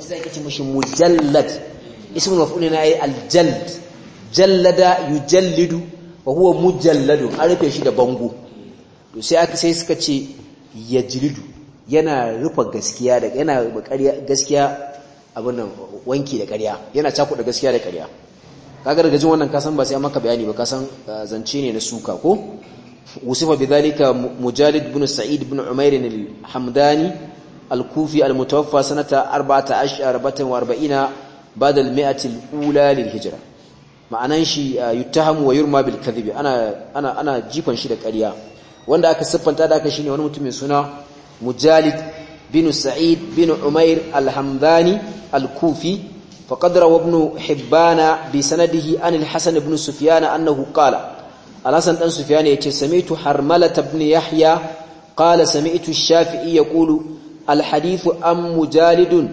sai kace mujallad ismu maf'ul na yi aljald jallada yujallidu wa huwa mujalladun an rufe shi da bango to sai aka sai suka ce yajridu yana rufa gaskiya da yana gaskiya abin nan wanki da ƙarya yana cakuɗa gaskiya da ƙarya kaga daga jin wannan kasan ba sai maka bayani ba kasan uh, zance ne na suka ko usufa bidhalika mujalid ibn sa'id ibn umair al-hamdani الكوفي المتوفى سنة أربعة عشر أربعة وأربعين بعد المئة الأولى للهجرة ma'anan shi yuttahamu wa yurma bil kadhibi ana ana ana jifan shi da ƙarya wanda aka siffanta da aka shine wani mutum mai suna Mujalid bin Sa'id bin Umair al-Hamdani al-Kufi faqad rawa ibn Hibban bi sanadihi an al-Hasan ibn Sufyan annahu qala al-Hasan dan Sufyan yace sami'tu Harmala ibn Yahya qala sami'tu Shafi'i yaqulu alhadithu an mujalidun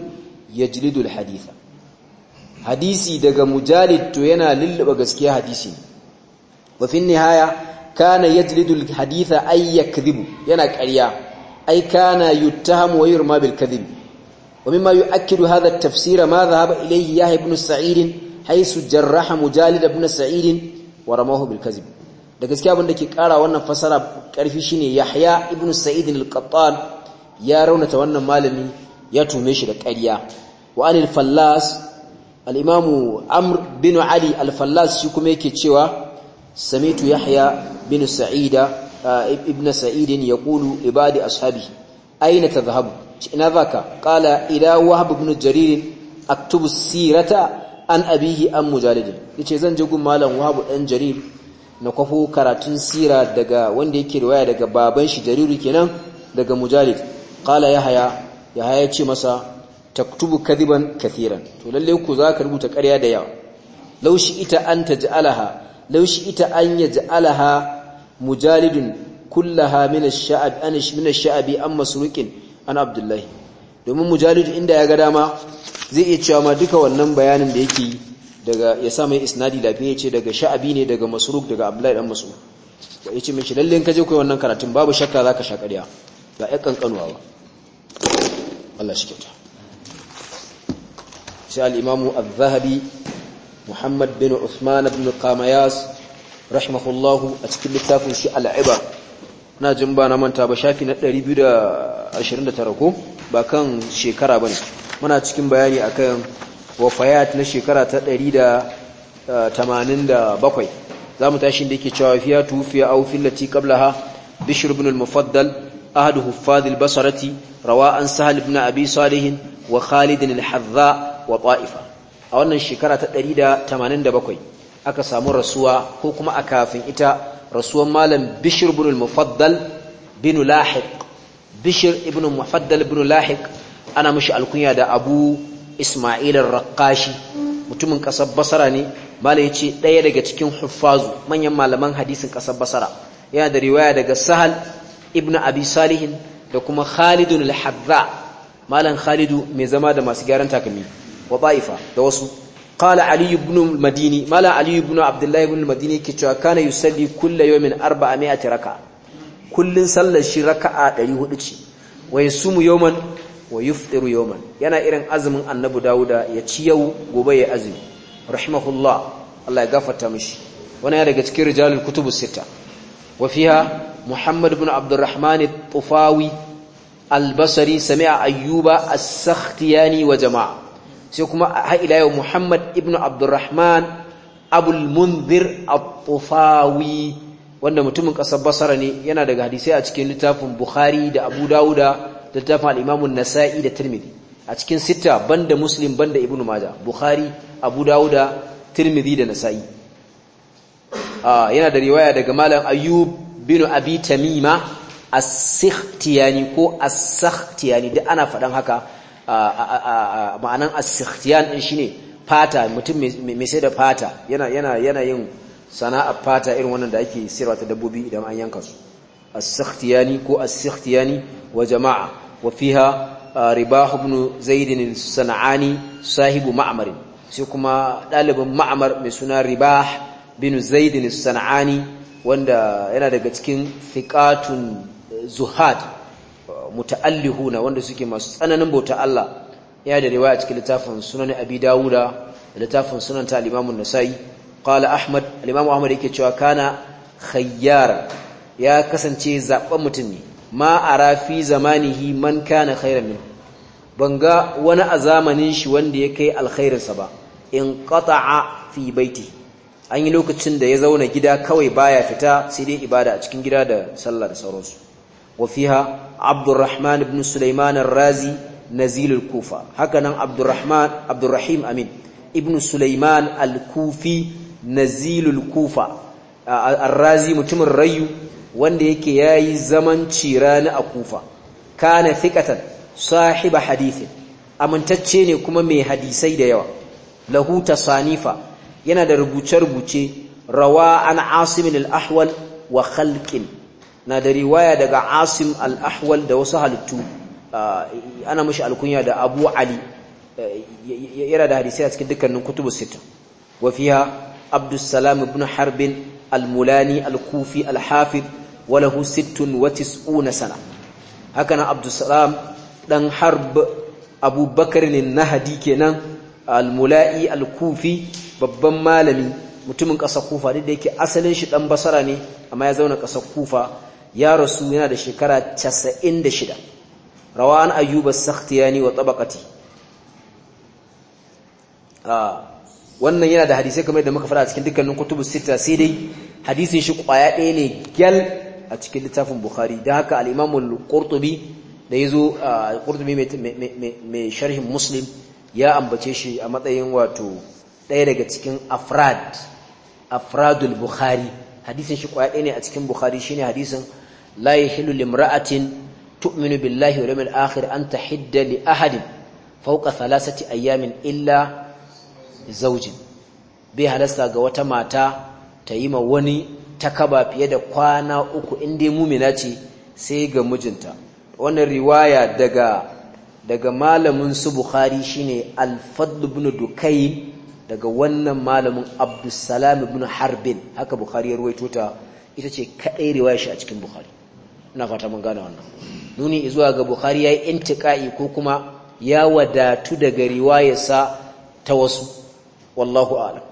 yajlidul haditha hadisi daga mujalid to yana lulluba gaskiya hadisi wa fi nihaya kana yajlidul haditha ay yakdhibu yana ƙarya ay kana yuttahamu wa yurma bil kadhib ومما يؤكد ma التفسير ما ذهب إليه يحيى بن سعيد حيث جرح مجالد بن سعيد ورماه بالكذب da gaskiya abin da ke kara wannan fasara karfi shine Yahya ibn Sa'id al-Qattan ya raunata wannan malami ya tume shi da ƙarya wa anil fallas al imam amr bin ali al-fallas shi kuma yake cewa samitu yahya bin sa'ida eh, ibn sa'idin yaqulu ibadi ashabi aina tadhhabu ina zaka qala ila wahab ibn jarir aktubu sirata an abihi an mujalid yace zan je gun malam wahab dan jarir na kwafo karatun sira daga wanda yake riwaya daga baban shi jariru kenan daga mujalid qala yahya yahya ya ce masa taktubu kadiban kathiran to lalle ku za ka rubuta ƙarya da yawa Laushi ita an taj'alaha law shi ita an yaj'alaha mujalidun kullaha min ash-sha'ab an min ash-sha'bi am masruqin an abdullahi domin mujalid inda ya ga dama zai iya cewa ma duka wannan bayanin da yake yi daga ya sa mai isnadi lafiya ya ce daga sha'abi ne daga masruk daga abdullahi dan masruk ya ce mishi lalle in ka je kai wannan karatun babu shakka zaka sha ƙarya ba ya kankanuwa ba Allah shi kyauta sai al-imamu az-zahabi Muhammad bin Usman bin Qamayas rahimahullahu a cikin littafin shi al-ibar na jin ba na manta ba shafi na 229 ko ba kan shekara bane muna cikin bayani akan wafayat na shekara ta eh, za zamu tashi da yake cewa fiya tufiya aw fillati qablaha bishr ibn al-mufaddal أهد حفاظ البصرة رواء سهل بن أبي صالح وخالد الحذاء وطائفة أولا الشكرة تقريدا تمانين دبكوي أكا سامور رسوا كوكما أكافن إتا رسوا مالا بشر بن المفضل بن لاحق بشر ابن المفضل بن لاحق أنا مش الكنيا دا أبو إسماعيل الرقاشي mutumin kasar basara ne malai ce ɗaya daga cikin huffazu manyan malaman hadisin kasar basara yana da riwaya daga sahal ibnu abi salihin da kuma khalidun al-hadza malan khalidu mai zama da masu gyaran takami wa ba'ifa da wasu qala ali ibn al-madini mala ali ibn abdullah ibn al-madini ke cewa kana yusalli kullu yawmin 400 raka kullun sallar shi raka'a 400 ce wa yasumu yawman wa yufṭiru yawman yana irin azumin annabi dauda ya ci yau gobe ya azumi rahimahullah Allah ya gafarta mishi wannan ya daga cikin rijalul kutubus sita wa fiha محمد بن عبد الرحمن الطفاوي البصري سمع wa jama'a. Sai kuma إلى يوم محمد ابن عبد الرحمن أبو المنذر الطفاوي wanda mutumin ƙasar basara ne yana daga hadisai a cikin littafin bukhari da abu dawuda da littafin al'imamun nasa'i da tirmidhi a cikin sita banda muslim banda ibn maja bukhari abu dawuda tirmidhi da nasa'i ah, yana da riwaya daga malam ayyub bin abi tamima as-sikhtiyani ko as-sakhtiyani duk ana faɗan haka ma'anan as-sikhtiyan din shine fata mutum mai sai da fata yana yana yana yin sana'ar fata irin wannan da ake sirwa ta dabbobi idan an yanka su as-sakhtiyani ko as-sikhtiyani wa jama'a wa fiha ribah ibn zaid sana'ani sahibu ma'mar sai kuma ɗalibin ma'mar mai suna ribah bin zaid san'ani wanda yana daga cikin fiƙatun zuhad muta'allihuna wanda suke masu tsananin bauta Allah ya da riwaya cikin littafin sunan Abi Dawuda da littafin sunan ta al-Imam an-Nasa'i qala Ahmad al-Imam Ahmad yake cewa kana khayyara ya kasance zaben mutum ne ma ara fi zamanihi man kana khairan min banga wani a zamanin shi wanda ya kai alkhairinsa ba in qata'a fi baiti an yi lokacin da ya zauna gida kawai baya fita sai dai ibada a cikin gida da sallah da sauransu wa fiha abdurrahman ibn sulaiman ar-razi nazil al-kufa hakanan abdurrahman abdurrahim amin ibn sulaiman al-kufi nazil al-kufa ar-razi mutumin rayu wanda yake yayi zaman cirani a kufa kana thiqatan sahiba hadithin amintacce ne kuma mai hadisai da yawa lahu tasanifa yana da rubuce-rubuce rawa an asim al wa khalqin na da riwaya daga asim al-ahwal da wasu halittu ana mashi alkunya da abu ali yana da hadisai a cikin dukkanin kutubu sita wa fiha ibn harbin al-mulani al-kufi al-hafid wa lahu 96 sana haka nan abdus salam harb abubakar ne nahadi kenan al-mula'i al-kufi babban malami mutumin ƙasar kufa duk da yake asalin shi ɗan basara ne amma ya zauna ƙasar kufa ya rasu yana da shekara 96 rawa an ayyuba sakhtiyani wa tabaqati ah, wannan yana da hadisai kamar da muka fara a cikin dukkanin kutubus sita sai dai hadisin shi kwaya ɗaya ne gyal a cikin littafin bukhari da haka al-imam al-qurtubi ah, da yazo al mai sharhin muslim ya ambace shi a matsayin wato ɗaya daga cikin afrad afradul bukhari hadisin shi kwaya ne a cikin bukhari ne hadisin la hilu limra'atin tu'minu billahi wa ramin akhir an tahidda li ahadin fawqa thalathati ayyamin illa zaujin bai halasta ga wata mata ta yi ma wani takaba fiye da kwana uku in dai mumina ce sai ga mijinta wannan riwaya daga daga malamin su bukhari shine alfadlu fadl ibn dukayn daga wannan malamin Abdussalam ibn Harbin haka Bukhari ya ruwaito ta ita ce kadai riwaya shi a cikin Bukhari ina fata mun gane wannan nuni zuwa ga Bukhari yayi intiqai ko kuma ya wadatu daga riwayarsa ta wasu wallahu a'lam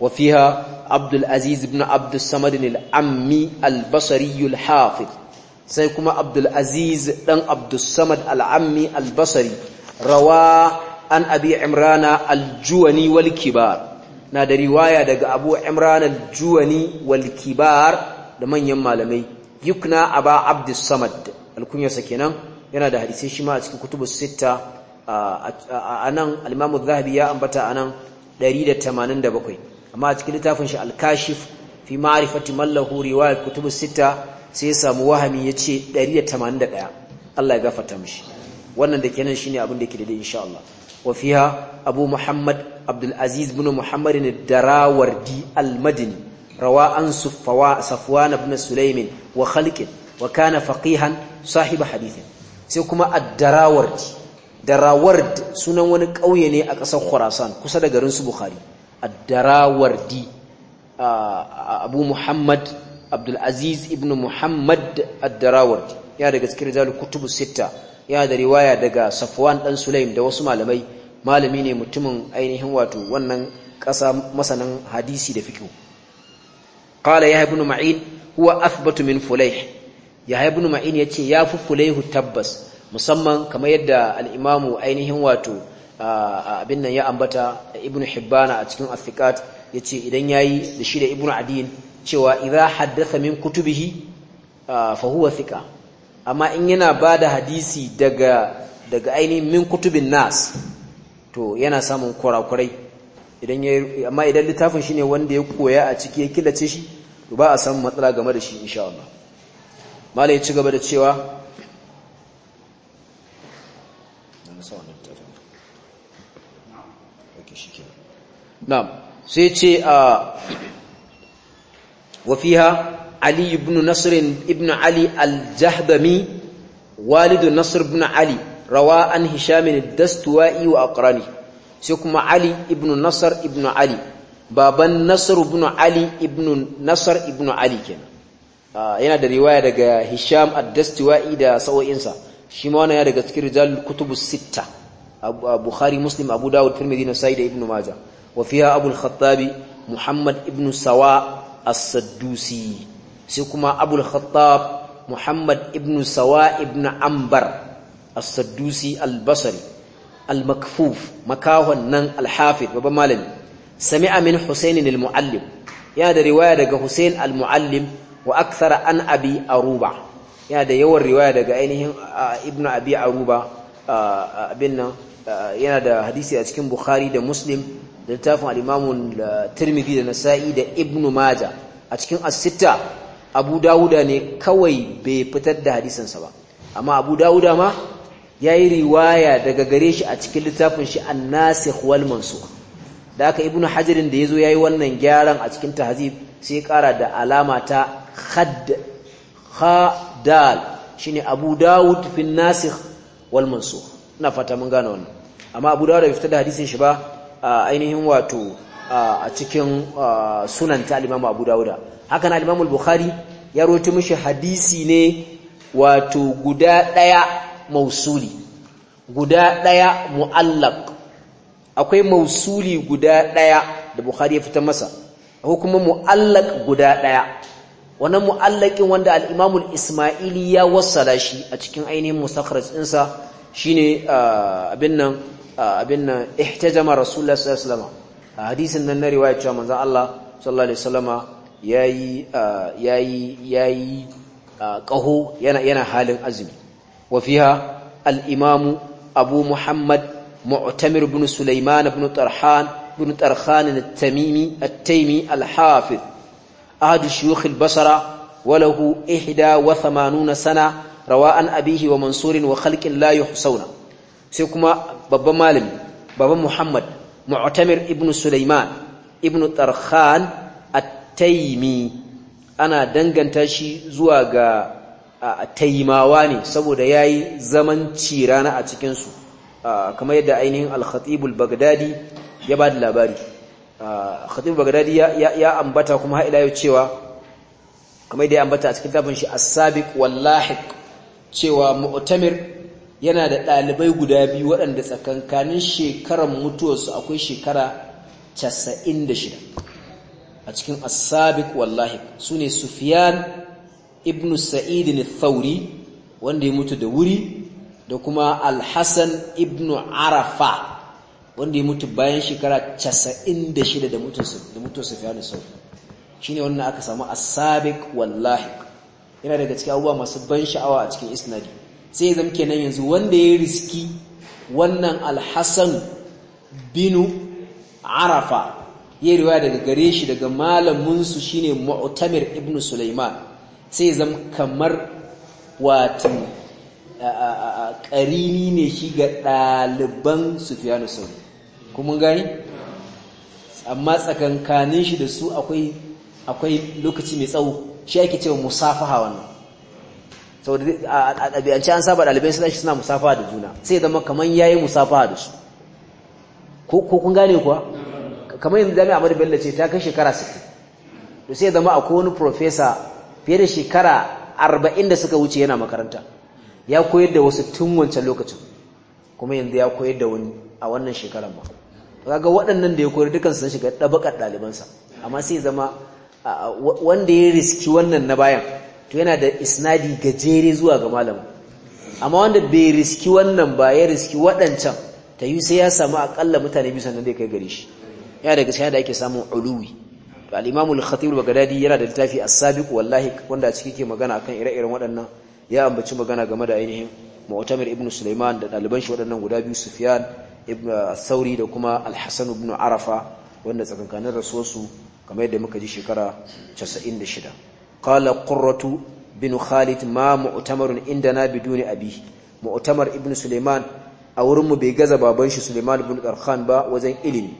wa fiha Abdul Aziz ibn Abdus Samad al-Ammi al-Basri al-Hafiz sai kuma Abdul Aziz dan Abdus Samad al-Ammi al-Basri rawa an abi imrana aljuwani wal na da riwaya daga abu Imrana aljuwani wal kibar da manyan malamai yukna aba abdus samad alkunyarsa kenan yana da hadisai shi ma a cikin kutubus sita anan al-imam az-zahabi ya ambata anan 187 amma a cikin littafin shi al-kashif fi ma'rifati man lahu riwayat kutubus sita sai ya samu wahami yace 181 Allah ya gafarta mishi wannan da kenan shine abin da yake da insha Allah وفيها أبو محمد عبد العزيز بن محمد الدراوردي المدني روى عن صفوان بن سليم وخلق وكان فقيها صاحب حديث sai kuma ad-daraward daraward sunan wani ƙauye ne a ƙasar khurasan kusa da garin su bukhari ad-darawardi abu muhammad abdul aziz ibnu muhammad ad-darawardi ya daga cikin rijalul kutubus sittah yana da riwaya daga Safwan dan Sulaim da wasu malamai malami ne mutumin ainihin wato wannan ƙasa masanin hadisi da fiqh qala ya ibn ma'in huwa athbatu min fulayh ya ibn ma'in yace ya fi fulayh tabbas musamman kamar yadda al-imamu ainihin wato abin nan ya ambata ibn hibbana a cikin athiqat yace idan yayi da shi da ibn adin cewa idza haddatha min kutubihi fa huwa thiqa amma in yana ba da hadisi daga ainihin min kutubin nas to yana samun kurakurai idan amma idan littafin shi ne wanda ya koya a ciki ya killace shi to ba a samun matsala game da shi insha Allah malai ya ci gaba da cewa na'am sai ce a ah, wafiha ali ibn nasr ibn ali al-jahdami rawa an hisham ad-dastuwa'i wa aqrani sai kuma ali ibn nasr ibn baban nasr ibn ali ibn nasr ibn ali ah, yana da riwaya daga hisham ad-dastuwa'i da sawa'insa shi ma daga cikin rijalul kutubus sitta ah, bukhari muslim abu dawud tirmidhi nasai da ibn majah wa fiha khattabi muhammad ibn sawa as-saddusi sai kuma abul khattab muhammad ibn sawa ibn ambar as-saddusi al-basri al-makfuf makahon nan al-hafid babban malami sami'a min husaini al-muallim yana da riwaya daga husain al-muallim wa akthara an abi aruba yana da yawan riwaya daga ainihin ibn abi aruba abin nan yana da hadisi a cikin Bukhari da Muslim da littafin al-Imam Tirmidhi da Nasa'i da Ibn Maja a cikin As-Sitta abu dawuda ne kawai bai fitar da hadisansa ba amma abu dawuda ma ya yi riwaya daga gare shi a cikin littafin shi an nasi wal mansukh da aka ibnu hajarin da ya zo ya yi wannan gyaran a cikin tahzib sai ya kara da alama ta khad shi ne abu dawud fi nasi wal mansukh ina fata mun gane wannan amma abu dawud bai fitar da hadisin shi ba ainihin wato a cikin sunan ta Abu dauda haka na limamul bukhari ya roti mishi hadisi ne wato guda daya mausuli guda daya mu'allak akwai mausuli guda daya da Bukhari ya fitar masa akwai kuma guda daya wannan mu'allakin wanda alimamul Isma'il ismaili ya wassala shi a cikin ainihin mustakhraj ɗinsa shine abin nan abin nan ihtajama Rasulullah sallallahu alaihi wasallam a hadisin nan na riwaya cewa manzon Allah sallallahu alaihi wasallama yayi yayi yayi qaho yana yana halin azumi wa fiha al-imam Abu Muhammad Mu'tamir ibn Sulaiman ibn Tarhan ibn Tarhan at-Tamimi at-Taymi al-Hafiz ahad shuyukh al-Basra sana إحدى abihi wa mansurin wa ومنصور وخلق لا sai kuma بابا مالم baban muhammad. mu'tamir ibn sulaiman ibn tarkhan at-taimi ana danganta shi zuwa ga taimawa ne saboda yayi zaman cirana a cikin su kamar yadda ainihin al-khatib al-baghdadi ya ba da labari khatib bagdadi ya ambata kuma har ila yau cewa kamar yadda ya ambata a cikin tafin shi as-sabiq wal-lahiq cewa mu'tamir yana da ɗalibai guda biyu waɗanda tsakankanin shekarar mutuwarsu akwai shekara 96 a cikin Asabik wallahi su ne sufiyan ibn sa'idin thauri wanda ya mutu da wuri da kuma alhassan ibn arafa wanda ya mutu bayan shekara casa'in da mutuwar sufiyan sau shi ne wannan aka samu Asabik wallahi yana daga cikin abubuwa masu ban sha'awa a cikin isnadi sai zama kenan yanzu wanda ya riski wannan alhassan binu arafa ya riwa daga gare shi daga malaminsu shine mu'tamir ibn sulaiman sai kamar watan ƙarini ne shi ga ɗaliban sufiyanu sauri kuma gani amma tsakankanin shi da su akwai lokaci mai tsawo shi ake cewa musafaha wannan saboda a ɗabi'ance an saba ɗalibai suna shi suna musafaha da juna sai zama kamar yayi musafaha da su ko kun gane kuwa kamar yanzu jami'a Amadu Bello ce ta kai shekara 60 to sai zama akwai wani profesa, fiye da shekara 40 da suka wuce yana makaranta ya koyar da wasu tun wancan lokacin kuma yanzu ya koyar da wani a wannan shekarar ma kaga waɗannan da ya koyar dukan sun shiga ɗabakar ɗalibansa amma sai zama wanda ya riski wannan na bayan to yana da isnadi gajere zuwa ga malamin amma wanda bai riski wannan ba ya riski waɗancan ta yi sai ya samu akalla mutane biyu sannan zai kai gare shi yana daga yana da ake samun uluwi to al-imamu al-khatib al yana da littafi as-sabiq wallahi wanda a ciki ke magana akan ire-iren waɗannan ya ambaci magana game da ainihin mu'tamir ibn sulaiman da ɗaliban shi waɗannan guda biyu sufiyan ibn sauri da kuma al-hasan ibn arafa wanda tsakankanin rasuwarsu kamar yadda muka ji shekara 96 qala qurratu bin khalid ma mu'tamarun indana a abi mu'tamar ibn suleiman a wurin mu bai gaza baban shi suleiman ibn ba wajen ilimi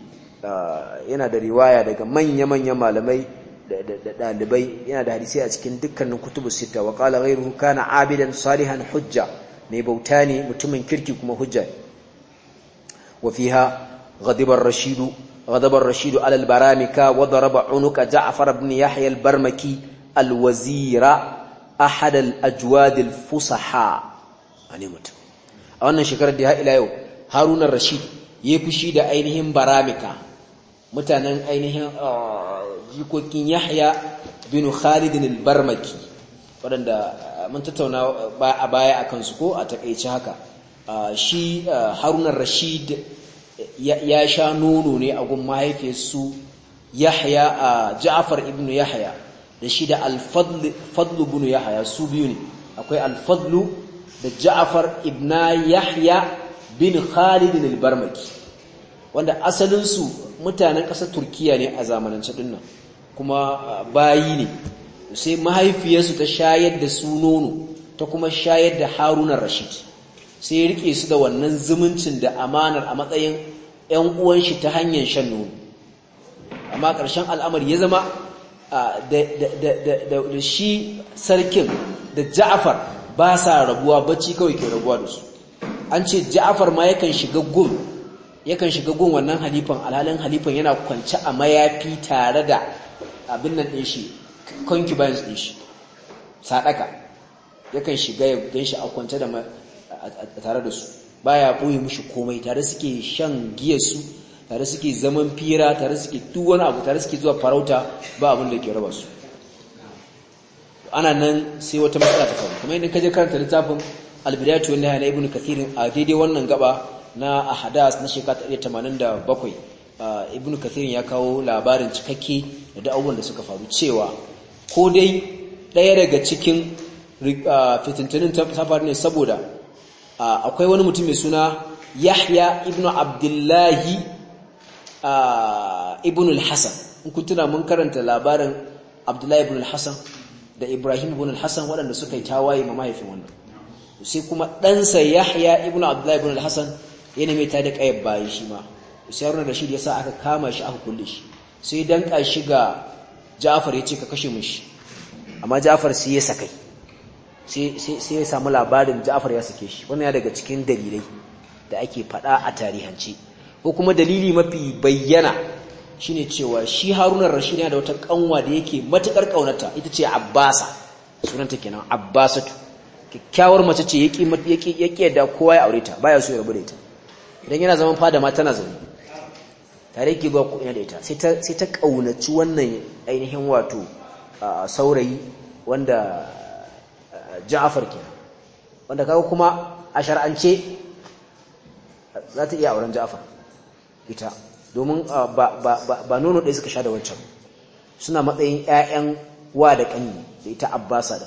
yana da riwaya daga manya manya malamai da dalibai yana da hadisai a cikin dukkanin kutubus sita wa qala ghayruhu kana abidan salihan hujja mai bauta ne mutumin kirki kuma hujja wa fiha rashidu ghadaba rashidu alal baramika wa daraba unuka ja'far ibn yahya al-barmaki alwazira ahad al-ajwad al-fusaha mutum a wannan shekarar da ya ila yau haruna rashid ya fushi da ainihin baramika mutanen ainihin jikokin yahya bin khalid al-barmaki waɗanda mun tattauna a baya a kansu ko a takaici haka shi haruna rashid ya sha nono ne a gun mahaifiyarsu yahya a ja'far ibn yahya da shi da al-fadl ibn yahya su biyu ne akwai al-fadl da ja'far ibn yahya bin khalid al-barmaki wanda asalin su mutanen ƙasar turkiya ne a zamanance nan kuma bayi ne sai mahaifiyarsu ta shayar da su nono ta kuma shayar da harunan rashid sai riƙe rike su da wannan zumuncin da amanar a matsayin 'yan uwan shi ta hanyar shan nono amma ƙarshen al'amari ya zama da shi sarkin da ja'afar ba sa rabuwa bacci kawai ke rabuwa da su an ce ja'afar ma yakan shiga gun yakan shiga gun wannan halifan alhalin halifan yana kwance a mayafi tare da abin nan ɗin shi concubines ɗin shi sadaka yakan shiga ya gan shi a kwance da tare da su baya boye mushi komai tare suke shan giyasu. tare suke zaman fira tare suke duk wani abu tare suke zuwa farauta ba abin da ke raba su ana nan sai wata matsala ta faru kuma idan ka je karanta littafin albidatu wanda ya na ibn kathir a daidai wannan gaba na ahadas na shekara 87 ibn kathir ya kawo labarin cikakke da duk da suka faru cewa ko dai daya daga cikin fitintunin ta faru ne saboda akwai wani mutum mai suna Yahya ibnu Abdullahi ibn al-hasan in kun tuna mun karanta labarin abdullahi ibn al-hasan da ibrahim ibn al-hasan waɗanda suka yi tawaye ma mahaifin wannan sai kuma ɗansa yahya ibn abdullahi ibn al-hasan yana mai tada kayyab bayi shi ma sai haruna rashid yasa aka kama shi aka kulle shi sai danka shi ga ja'far ya ce ka kashe mishi amma ja'far sai ya sakai sai ya samu labarin ja'far ya sake shi wannan ya daga cikin dalilai da ake faɗa a tarihance ko kuma dalili mafi bayyana shine cewa shi Haruna Rashid yana da wata kanwa da yake matukar kaunata ita ce Abbasa sunanta kenan Abbasatu kyakkyawar mace ce yake yake yake yadda kowa ya aure ta baya so ya rabu da ita idan yana zama fada ma tana zaune tare yake ba kuɗi da ita sai ta sai ta kaunaci wannan ainihin wato saurayi wanda Ja'far kenan wanda kaga kuma a shar'ance za ta iya auren Ja'far ita domin ah, ba nono ɗaya suka sha da wancan suna matsayin 'ya'yan wa da ƙanni da ita abbasa da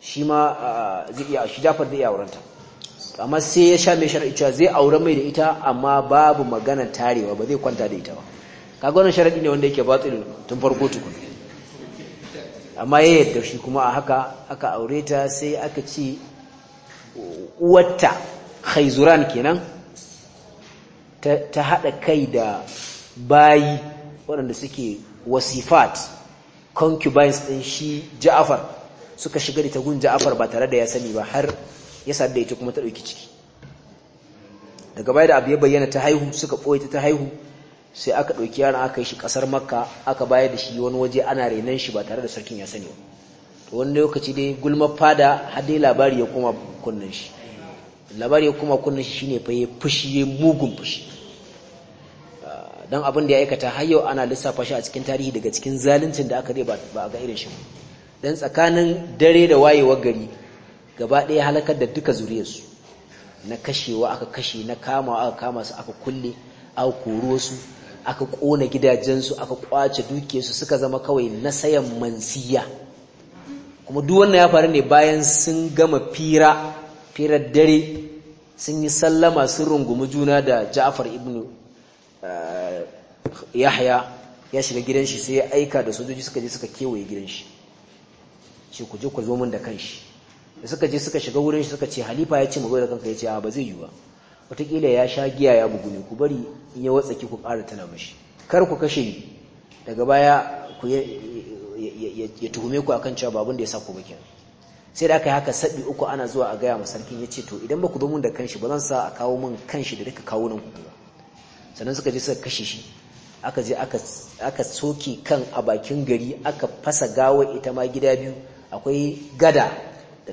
shi ma ah, zai iya shi jafar zai iya amma sai ya sha mai shari'a cewa zai aure mai da ita amma babu magana tarewa ba zai kwanta da ita ba kaga wannan sharadi ne wanda yake batilin tun farko tukun amma ya yadda shi kuma a haka aka aure ta sai aka ce uwarta haizuran kenan ta haɗa kai da bayi waɗanda suke wasifat concubines ɗin shi ja'afar suka shiga da tagun ja'afar ba tare da ya sani ba har ya sa da ita kuma ta ɗauki ciki daga baya da abu ya bayyana ta haihu suka ɓoye ta haihu sai aka ɗauki yaron aka yi shi ƙasar makka aka bayar da shi wani waje ana renon shi ba tare da sarkin ya sani ba to wani lokaci dai gulmar fada har dai labari ya kuma kunnen shi labari kuma kunna shi shine fa yayi fushi yayi mugun fushi ah, dan abin da ya aikata har yau ana lissafa shi a cikin tarihi daga cikin zaluncin da aka dai ba a ga irin shi dan tsakanin dare da wayewar gari gaba ɗaya halakar da duka zuriyarsu na kashewa aka kashe na kama aka kama su aka kulle aka koro su aka kona gidajensu aka kwace su suka zama kawai na sayan mansiya kuma duk wannan ya faru ne bayan sun gama fira firar dare sun yi sallama sun rungumi juna da Ja'far ibnu eh, Yahya ya shiga gidanshi sai ya aika da sojoji suka je suka kewaye gidanshi ce ku je ku zo min da kanshi da suka je suka shiga wurin shi suka ce halifa ya ce mu zo da kanka ya ce a ba zai yi ba wataƙila ya sha giya ya bugu ne ku bari in ya watsa ki ku ƙara tana mashi kar ku kashe ni daga baya ku ya tuhume ku akan cewa babun da ya sa ku ba kenan sai da aka yi haka sabi uku ana zuwa a gaya ma sarkin ya ce to idan ba ku zo mun da kanshi ba zan sa a kawo mun kanshi da duka kawo nan ba sannan suka je suka kashe shi aka je aka soke kan a bakin gari aka fasa gawa ita ma gida biyu akwai gada da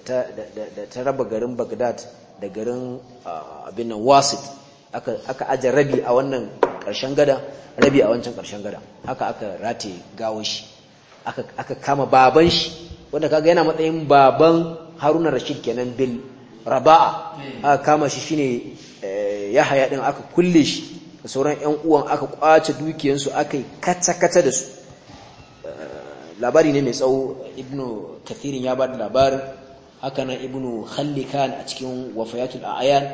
ta raba garin bagdad da garin ah, abin nan wasit aka aje rabi a wannan ƙarshen gada rabi a wancan karshen gada haka aka rataye gawon shi aka kama baban shi wanda kaga yana matsayin baban haruna rashid kenan bil raba'a hmm. aka kama shi shine eh, haya din aka kulle shi da sauran yan uwan aka kwace dukiyansu aka yi kata-kata da su eh, labari ne mai tsawo ibnu kathirin ya ba da labarin haka na ibnu khallikan a cikin wafayatul a'yan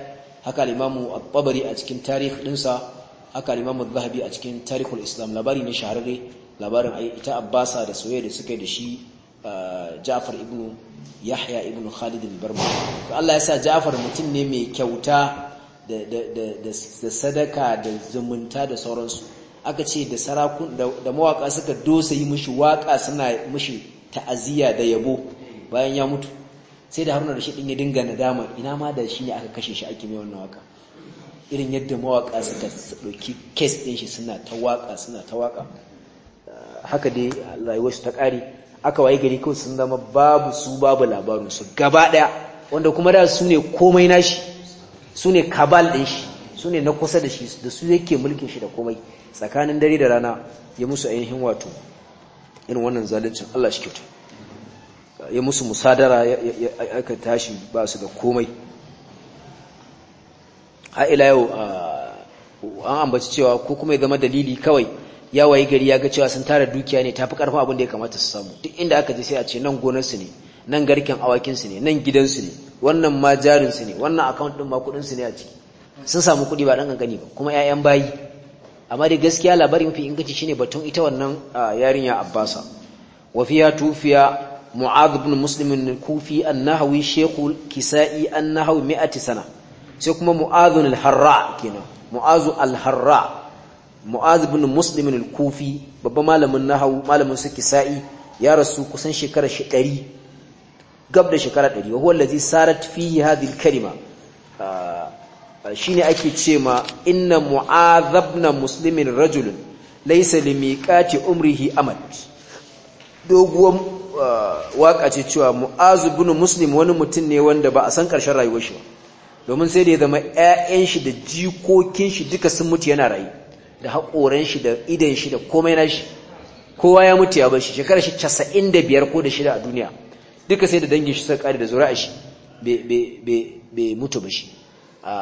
haka limamu at a cikin tarih dinsa haka limamu zahabi a cikin tarihul islam labari ne shahararre labarin ita abbasa da soyayya da suka yi da shi Ja'far ibn Yahya ibn Khalid al-Barma to Allah ya sa Ja'far mutum ne mai kyauta da sadaka da zumunta da sauransu aka ce da sarakun da mawaka suka dosa yi mishi waka suna mishi ta'aziyya da yabo bayan ya mutu sai da Haruna Rashid din ya dinga nadama ina ma da shi ne aka kashe shi ake mai wannan waka irin yadda mawaka suka dauki case din shi suna ta waka suna ta waka haka dai rayuwarsu ta kare aka waye gari kawai sun zama babu su babu labarinsu gaba ɗaya wanda kuma da su ne komai nashi su ne kabal ɗin shi su ne na kusa da shi da su yake mulkin shi da komai tsakanin dare da rana ya musu ainihin wato irin wannan zaluncin Allah shi kyauta ya musu musadara aka tashi ba su da komai a ila yau ah, an ambaci cewa ko kuma ya zama dalili kawai ya wayi gari ya ga cewa sun tara dukiya ne tafi karfin abin da ya kamata su samu duk inda aka je sai a ce nan gonar ne nan garken awakinsu ne nan gidan su ne wannan ma jarin ne wannan account din ma kudin su ne a ciki sun samu kuɗi ba dan kankani ba kuma 'ya'yan bayi amma dai gaskiya labari mafi inganci shine batun ita wannan yarinya Abbasa wa fiya tufiya Mu'adh ibn Muslim al-Kufi an-Nahawi Sheikh kisai an-Nahawi 100 sana sai kuma Mu'adh al-Harra kenan Mu'adh al-Harra mu'az ibn muslim al-kufi babban malamin nahawu malamin su kisa'i ya rasu kusan shekara 100 gab da shekara 100 wa huwa allazi sarat fihi hadhihi al-kalima ah, shine ake cewa inna mu'az ibn muslim rajulun laysa limiqati umrihi amad doguwan ah, waka ce cewa mu'az ibn muslim wani mutum ne wanda ba a san karshen rayuwar shi ba domin sai da ya zama ƴaƴan shi da jikokin shi duka sun mutu yana rayu da haƙoran shi da idan shi da komai na shi kowa ya mutu ya bar shi shekarar shi casa'in da biyar ko da shida a duniya duka sai da dangin shi suka da zuri'a shi bai mutu ba shi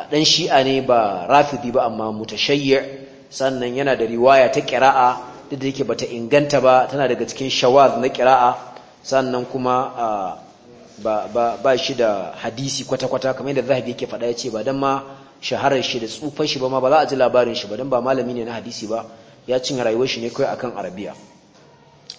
ɗan shi'a ne ba rafidi ba amma mutashayya sannan yana da riwaya ta ƙira'a duk da yake bata inganta ba tana daga cikin shawaz na ƙira'a sannan kuma ba shi da hadisi kwata-kwata kamar yadda zahabi yake faɗa ya ce ba don ma shaharar shi da tsufan shi ba ma ba za a ji labarin shi ba don ba malami ne na hadisi ba ya cinye rayuwar shi ne kawai akan arabiya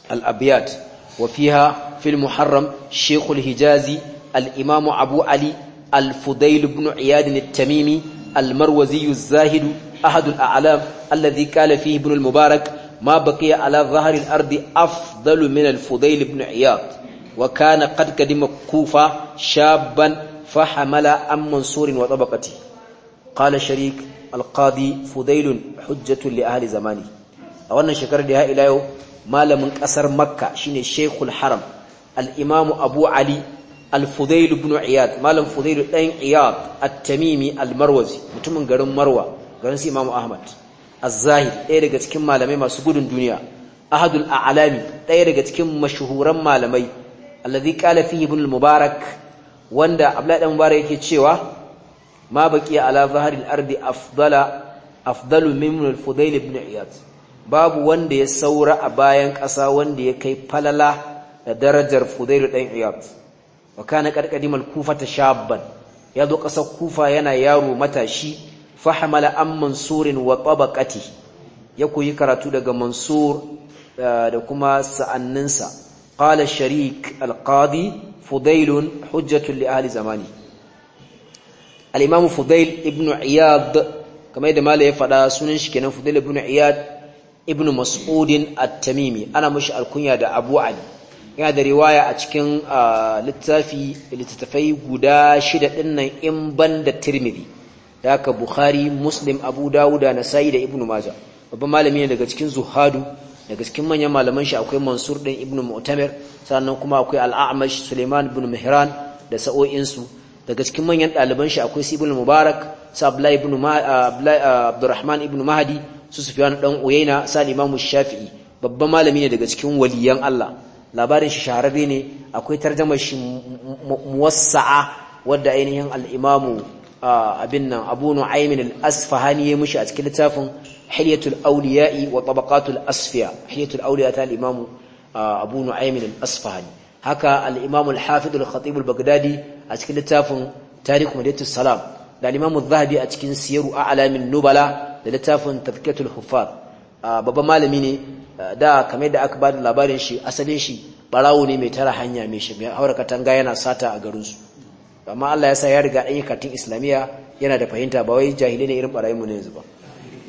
al-abiyat wa fiha fil muharram shaykhul hijazi al-imam abu ali al-fudail ibn iyad tamimi al-marwazi az-zahid ahad al-a'lam alladhi qala fihi ibn al-mubarak ma baqiya ala dhahr al-ardi afdalu min al-fudail ibn iyad wa kana qad kadima kufa shaban an mansurin wa وطبقته qala sharik alqadi fudailun hujjatun li ahli zamani a wannan shekarar da ya ila yau malamin ƙasar makka shine sheikhul haram al-imamu abu ali al iyad malam fudail dan iyad at-tamimi mutumin garin marwa imamu ahmad az ɗaya daga cikin malamai masu gudun duniya ahadul a'lami ɗaya daga cikin mashuhuran malamai alladhi qala fihi wanda abdullahi dan mubarak yake cewa ma baki ala zahril ardi afdala afdalu min al-fudail ibn iyad babu wanda ya saura a bayan ƙasa wanda ya kai falala da darajar fudail dan iyad wa kana qadqadimal kufata shabban yazo ƙasar kufa yana yaro matashi fahamala an mansurin wa tabaqati ya koyi karatu daga mansur da kuma sa'anninsa qala sharik al-qadi fudailun hujjatun li ahli zamani alimam fudail ibn iyad kamar yadda malai ya faɗa sunan shi kenan fudail ibn iyad ibn mas'udin at-tamimi ana mashi alkunya da abu ali yana da riwaya a cikin littafi littattafai guda shida din nan in banda tirmidhi da bukhari muslim abu dawuda nasa'i da ibn maja babban malami ne daga cikin zuhadu daga cikin manyan malaman shi akwai mansur din ibn mu'tamir sannan kuma akwai al'amash suleiman ibn mihran da sa'o'insu daga cikin manyan ɗaliban shi akwai ibn mubarak su abdullahi ibn abdurrahman ibn mahadi su dan uyaina sa imamu shafi'i babban malami ne daga cikin waliyan Allah labarin shi shahararre ne akwai tarjamar shi muwassa'a wadda ainihin al-imamu abin nan Abu Nu'aymin al-Asfahani ya mushi a cikin littafin Hilyatul Awliya'i wa Tabaqatul Asfiya Hilyatul Awliya ta al-imamu Abu Nu'aymin al-Asfahani haka al-imamu al-Hafiz al-Khatib al-Baghdadi a cikin littafin tarihu salam da al zahabi a cikin siyaru a alamin nubala da littafin tafkatul huffaz babban malami ne da kamar da aka bada labarin shi asalin shi barawo ne mai tara hanya mai shi mai haura katanga yana sata a garin su amma Allah ya sa ya riga an katin islamiyya yana da fahimta ba wai jahili ne irin barayin mu ne yanzu ba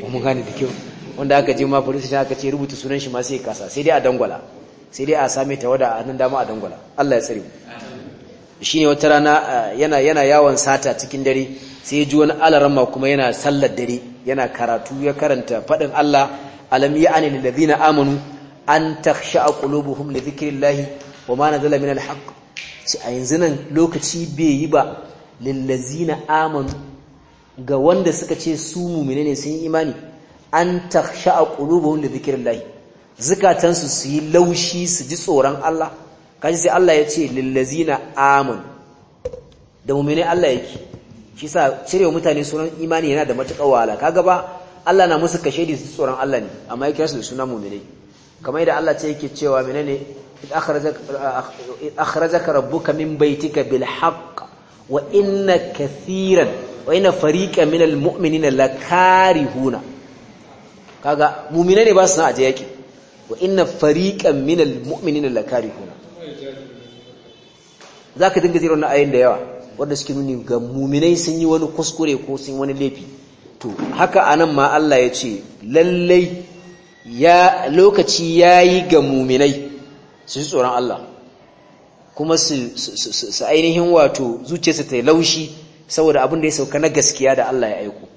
mun gane da kyau wanda aka je ma police aka ce rubuta sunan shi ma sai kasa sai dai a dangwala sai dai a same tawada a nan dama a dangwala Allah ya tsare mu shine wata rana yana yana yawon sata cikin dare sai ji wani alarma kuma yana sallar dare yana karatu ya karanta faɗin Allah alam ya'ani lil ladina amanu an takhsha qulubuhum li dhikrillahi ma nazala min al haqq a yanzu nan lokaci bai yi ba lil ladina amanu ga wanda suka ce su mu'mini ne sun imani an takhsha qulubuhum li dhikrillahi zukatansu su yi laushi su ji tsoron Allah kaji sai Allah ya ce lillazina amun da mu'mini Allah yake shi sa cire wa mutane sunan imani yana da matuƙar wahala kaga ba Allah na musu kashe da tsoron Allah ne amma ya su da sunan mu'mini kamar yadda Allah ce yake cewa menene akhrajaka rabbuka min baitika bil haqq wa inna kathiran wa inna fariqan minal mu'minina lakarihuna kaga mu'mina ne ba su na aje yake wa inna fariqan minal mu'minina lakarihuna za ka dinga zira wannan ayin da yawa wanda suke nuni ga muminai sun yi wani kuskure ko sun wani laifi to haka anan ma Allah ya ce lallai ya lokaci yayi ga muminai su ji tsoron Allah kuma su ainihin wato zuciyarsu ta laushi saboda abin da ya sauka na gaskiya da Allah ya aiko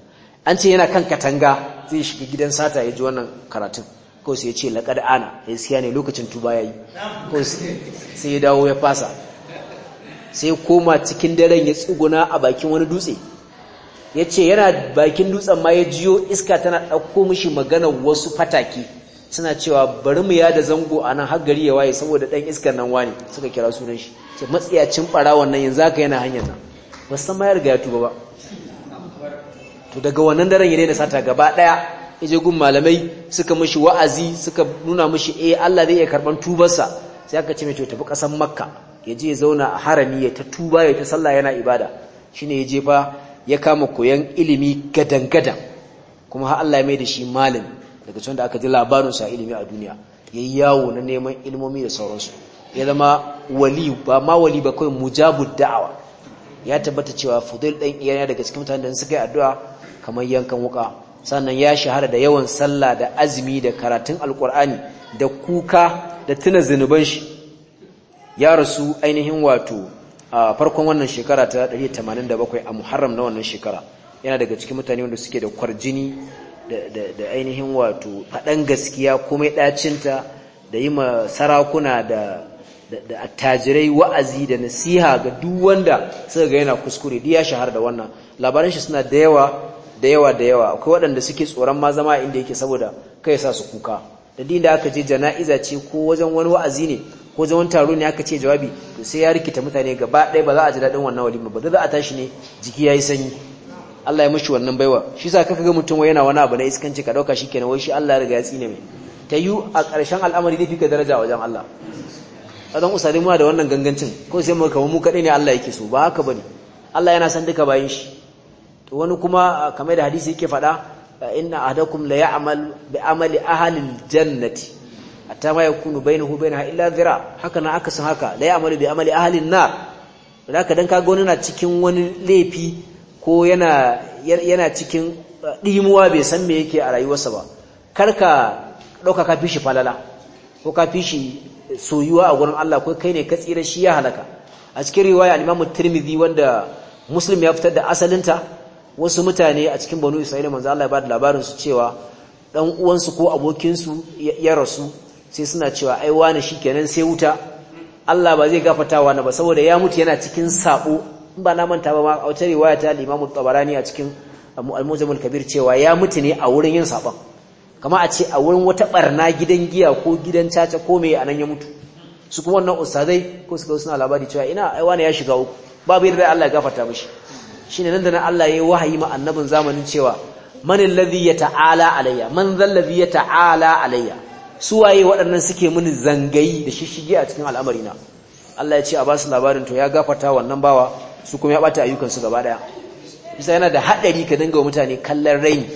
an ce yana kan katanga zai shiga gidan sata ya ji wannan karatun kawai sai ya ce laƙar ana gaskiya ne lokacin tuba ya yi. kawai sai ya dawo ya fasa sai koma cikin daren ya tsuguna a bakin wani dutse ya ce yana bakin dutsen ma ya jiyo iska tana ɗauko mishi magana wasu fataki suna cewa bari mu yada zango a nan har gari ya waye saboda ɗan iskar nan wani suka kira sunan shi ce matsiyacin ɓarawon nan yanzu haka yana hanyar nan ba san ya tuba ba to daga wannan daren ya daina sata gaba ɗaya ya je gun malamai suka mishi wa'azi suka nuna mishi eh Allah zai iya karɓar tubarsa sai aka ce mai to tafi ƙasar makka ya je zauna a harami ya ta tuba ya ta sallah yana ibada shine ya je fa ya kama koyan ilimi gadan kuma har Allah ya mai da shi malam daga cikin da aka ji labarin sa ilimi a duniya ya yi yawo na neman ilmomi da sauransu ya zama wali ba ma wali ba kai mujabud da'awa ya tabbata cewa fudail ɗan iyana daga cikin mutanen da suka yi addu'a kamar yankan wuka sannan ya shahara da yawan sallah da azumi da karatun alkur'ani da kuka da tuna zinuban shi ya rasu ainihin wato a farkon wannan shekara ta 187 a muharram na wannan shekara yana daga cikin mutane wanda suke da kwarjini da ainihin wato faɗan gaskiya komai ɗacinta da yi ma sarakuna da attajirai wa'azi da nasiha ga duk wanda suka ga yana kuskure duk ya shahar da wannan labaran shi suna da yawa da yawa da yawa akwai waɗanda suke tsoron ma zama inda yake saboda kai sa su kuka da din da aka je jana'iza ce ko wajen wani wa'azi ne ko zaman taro ne aka ce jawabi to sai ya rikita mutane gaba ɗaya ba za a ji daɗin wannan walima ba za a tashi ne jiki ya yi sanyi Allah ya mishi wannan baiwa shi sa kaka ga mutum wai yana wani abu na iskanci ka ɗauka shi kenan wai shi Allah ya riga ya tsine mai ta yi a ƙarshen al'amari zai fi ka daraja wajen Allah ɗan usari muna da wannan gangancin ko sai mu kamar mu kaɗai ne Allah yake so ba haka ba ne Allah yana san duka bayan shi to wani kuma kamar da hadisi yake faɗa inna ahadakum la ya'mal bi amali ahli jannati hatta ma yakunu bainahu bainaha illa dhira haka na aka san haka la ya'malu bi amali ahli an-nar dan kaga wani na cikin wani laifi ko yana yana cikin dimuwa uh, bai san me yake a rayuwarsa ba karka dauka ka fishi falala ko ka fishi soyuwa a gurin Allah ko kai ne ka tsira shi ya halaka a cikin riwaya imam Tirmidhi wanda Muslim ya fitar da asalinta wasu mutane a cikin Banu Isra'ila manzo Allah ya bada labarin su cewa dan uwansu ko abokinsu ya rasu sai suna cewa ai wani shikenan sai wuta Allah ba zai gafata wani ba saboda ya mutu yana cikin sabo in ba na manta ba ma a wata riwaya ta Imam Tabarani a cikin Al-Mujamul Kabir cewa ya mutu ne a wurin yin sabon kama a ce a wurin wata barna gidan giya ko gidan caca ko me anan ya mutu su kuma wannan ustazai ko ga suna labari cewa ina ai wani ya shiga uku babu yadda Allah ya gafarta mishi shine nan da nan Allah ya yi wahayi ma annabin zamanin cewa man alladhi yata'ala alayya man zalladhi yata'ala alayya Su waye waɗannan suke mini zangayi da shishige a cikin al'amarina Allah ya ce a basu labarin to ya gafarta wannan bawa su kuma ya bata ayyukansu gaba daya bisa yana da haɗari ka dinga wa mutane kallon raini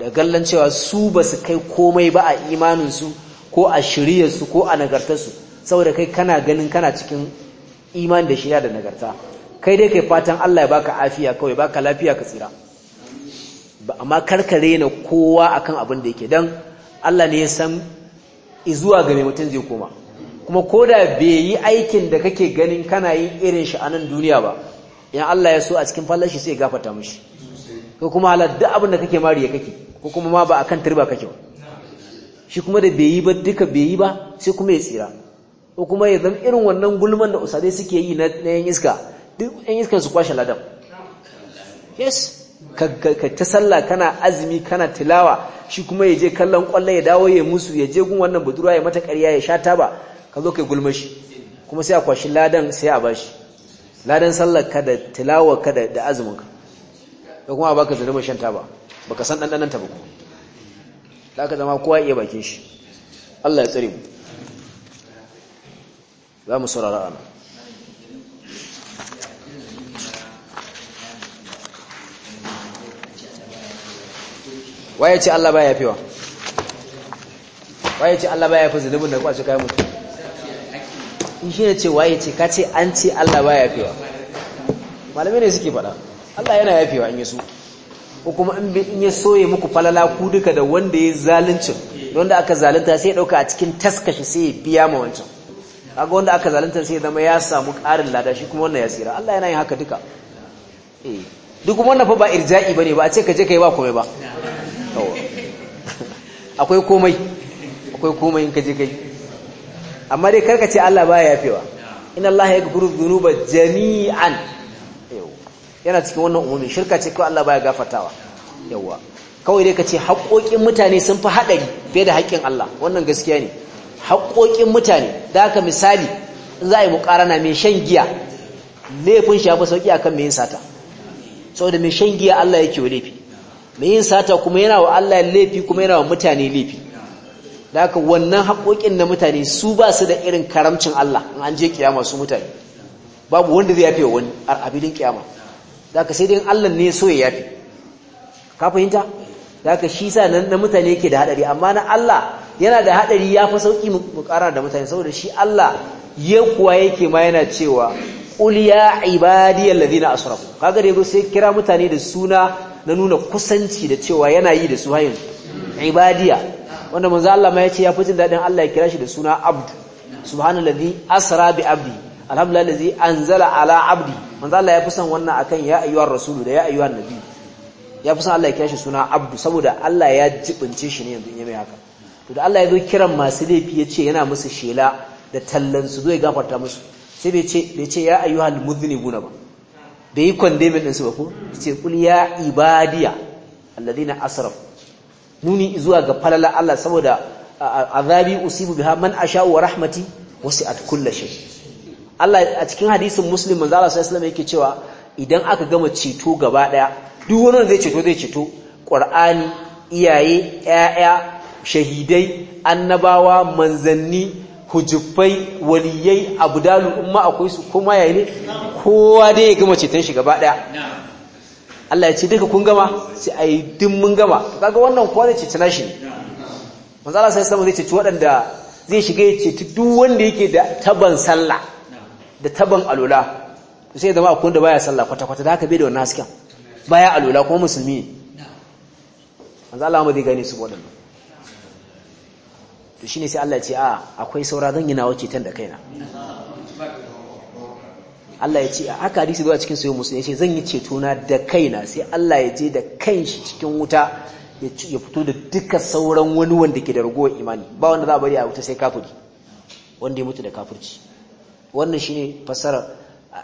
da gallan cewa su ba su kai komai ba a imaninsu ko a shiryarsu ko a nagartarsu saboda kai kana ganin kana cikin imani da shirya da nagarta kai dai kai fatan Allah ya baka afiya kawai baka lafiya ka tsira amma karkare na kowa akan abin da yake dan Allah ne ya san zuwa ga mai mutum zai koma kuma ko da bai yi aikin da kake ganin kana yi irin shi a nan duniya ba in Allah ya so a cikin fallar shi sai ya gafarta mishi ko kuma halar duk abin da kake mariya kake ko kuma ma ba a kan turba kake shi kuma da bai yi ba duka bai yi ba sai kuma ya tsira ko kuma ya zama irin wannan gulman da usadai suke yi na yan iska duk yan iskan su kwashe ladan yes ka ta sallah kana azumi kana tilawa shi kuma ya je kallon kwallo ya dawo ya musu ya je gun wannan budurwa ya mata ƙarya ya sha taba ka zo kai gulma shi kuma sai a kwashi ladan sai a bashi ladan sallar ka da tilawa ka da azumin ka da kuma baka zunuba shan taba baka san dandanan ta ba kuma da ka zama kowa iya bakin shi Allah ya tsare mu za mu saurara ana waye ce Allah baya fiwa waye ce Allah baya yafe zunubin da kwace kai mutu in shi ne ce waye ce ka ce an ce Allah baya fiwa malamai ne suke faɗa Allah yana yafewa in yi su ko kuma in ya soye muku falala ku duka da wanda ya zalunci wanda aka zalunta sai ya dauka a cikin taskashi sai ya biya ma wancan kaga wanda aka zalunta sai ya zama ya samu ƙarin lada shi kuma wannan ya tsira Allah yana yin haka duka eh duk wannan fa ba irja'i bane ba a ce ka je kai ba komai ba akwai komai akwai komai in kaje kai amma dai karka ce Allah baya yafewa inna Allah gafuru dhunuba jami'an yana cikin wannan umumi shirka ce ko Allah baya gafartawa yawa kawai dai kace haƙoƙin mutane sun fi haɗari fiye da haƙƙin Allah wannan gaskiya ne haƙoƙin mutane da haka misali in za a yi muƙarana mai shan giya laifin shi ya fi sauƙi akan mai yin sata saboda mai shan giya Allah yake wa laifi mai yin sata kuma yana wa Allah laifi kuma yana wa mutane laifi da haka wannan haƙoƙin na mutane su ba su da irin karamcin Allah in an je kiyama su mutane babu wanda zai yafe wa wani a filin kiyama da haka sai dai Allah ne so ya yafe ka fahimta da haka shi sa nan na mutane yake da haɗari amma na Allah yana da haɗari ya fi sauƙi mu ƙara da mutane saboda shi Allah ya kuwa yake ma yana cewa qul ya ibadiyal ladina asrafu kaga dai sai kira mutane da suna na nuna kusanci da cewa yana yi da su hayin ibadiya wanda manzo Allah ma yace ya fi jin dadin Allah ya kira shi da suna abd subhanallazi asra bi abdi alhamdulillahi anzala ala abdi manzo Allah ya fi son wannan akan ya ayyuhar rasulu da ya ayyuhar nabi ya fi son Allah ya kira shi suna abdu saboda Allah ya jibince shi ne yanzu in ya mai haka to da Allah ya zo kiran masu laifi ya ce yana musu shela da tallan su zo gafarta musu sai bai ce bai ce ya ayyuhal mudhnibuna ba bai yi min ɗinsu ba ko ce kul ya ibadiya alladhina asraf nuni zuwa ga falala Allah saboda azabi usibu biha man asha wa rahmati wasi'at kulli shay Allah a cikin hadisin Muslim manzo Allah sallallahu alaihi yake cewa idan aka gama ceto gaba daya duk wani zai ceto zai ceto Qur'ani iyaye ƴaƴa shahidai annabawa manzanni hujubbai waliyai abu dalu umma akwai su kuma yayi ne kowa dai ya gama ceton shi gaba daya Allah ya ce duka kun gama sai yi din mun gama kaga wannan kowa zai cece nashi manzo Allah sai samu zai cece waɗanda zai shiga ya cece duk wanda yake da taban sallah da taban alula sai da ma akwai wanda baya sallah kwata kwata da haka bai da wannan hasken baya alula kuma musulmi ne manzo Allah ma zai gane su wadannan to shine sai Allah ya ce a akwai saura zan yi nawa ceton da kaina Allah ya ce a haka hadisi zuwa cikin sayo musulmi ya ce zan yi ceto na da kaina sai Allah ya je da kanshi cikin wuta ya fito da duka sauran wani wanda ke da ragowar imani ba wanda za a bari a wuta sai kafiri wanda ya mutu da kafirci wannan shine fassara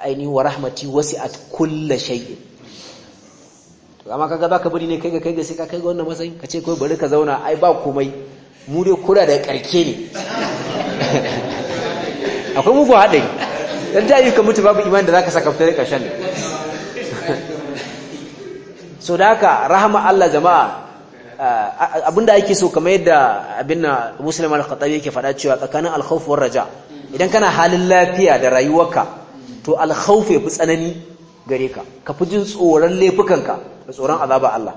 aini wa rahmati wasi'at kulli shay'in to amma kaga baka bari ne kai ga kai ga sai ka kai ga wannan matsayin ka ce kai bari ka zauna ai ba komai mu dai kura da karke ne akwai mugu haɗari dan ta yi ka mutu babu imani da za ka saka fitar karshen so da haka rahama Allah jama'a abinda ake so kamar yadda abinna musulman al-khattabi yake faɗa cewa tsakanin al raja idan kana halin lafiya da rayuwarka to al-khawf tsanani gare ka ka fi jin tsoron laifukanka da tsoron azaba Allah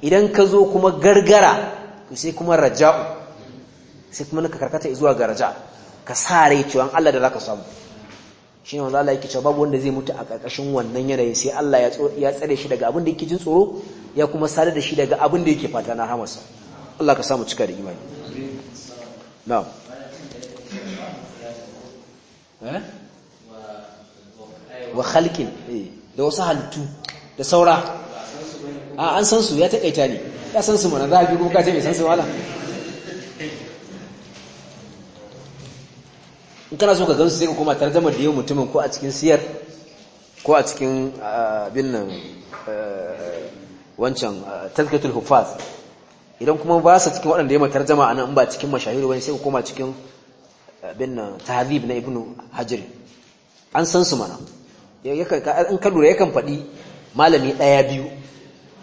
idan ka zo kuma gargara to sai kuma raja'u sai kuma ka karkata zuwa garaja ka sa rai cewa Allah da zaka samu shi ne wanda Allah yake cewa babu wanda zai mutu a ƙarƙashin wannan yanayi sai Allah ya tsare shi daga abin da yake jin tsoro ya kuma sadar da shi daga abin da yake fata na hamasa Allah ka samu cika da imani na'am eh? wa khalqin eh, da wasu halittu da saura a ah, an san su ya takaita ne ya san su mana za a bi kuma ka ce mai san su wala in kana so ka gansu sai ka koma tare da yau mutumin ko a cikin siyar ko a cikin abin nan wancan tazkatul hufaz idan kuma ba su cikin waɗanda ya matarjama a nan ba cikin mashahiru wani sai ka koma cikin abin nan tahrib na ibnu Hajiri. an san su mana in ka lura yakan faɗi malami ɗaya biyu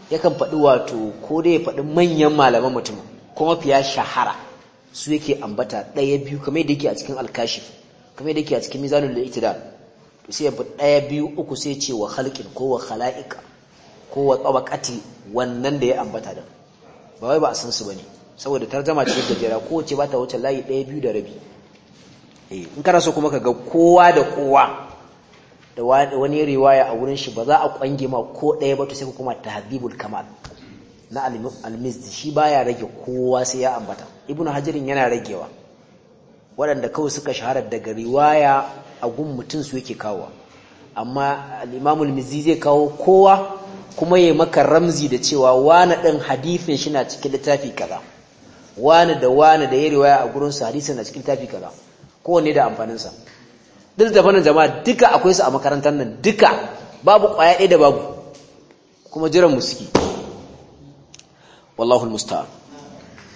yakan faɗi wato ko dai ya faɗi manyan malaman mutum kuma fiya shahara su yake ambata ɗaya biyu kamar yadda yake a cikin alkashi kamar yadda yake a cikin mizanul litidal to sai yafi ɗaya biyu uku sai ce wa khalqin ko wa khala'ika ko wa tabaqati wannan da ya ambata da. ba wai ba a san su bane saboda tarjama ce jira ko ce bata wuce layi ɗaya biyu da rabi eh in kana so kuma ka ga kowa da kowa da wani riwaya a wurin shi ba za a kwange ma ko ɗaya ba to sai ku kuma tahdibul kamal na al-mizdi shi baya rage kowa sai ya ambata ibnu Hajirin yana ragewa waɗanda kawai suka shahara daga riwaya a gun mutum su yake kawo amma al imamu al-mizdi zai kawo kowa kuma ya maka ramzi da cewa wani ɗin hadifin shi na cikin littafi kaza wani da wani da ya riwaya a gurin su hadisi na cikin littafi kaza kowanne da amfaninsa duk da fannin jama'a duka akwai su a makarantar nan duka babu ƙwaya ɗaya da babu kuma jiran mu suke wallahu almusta'an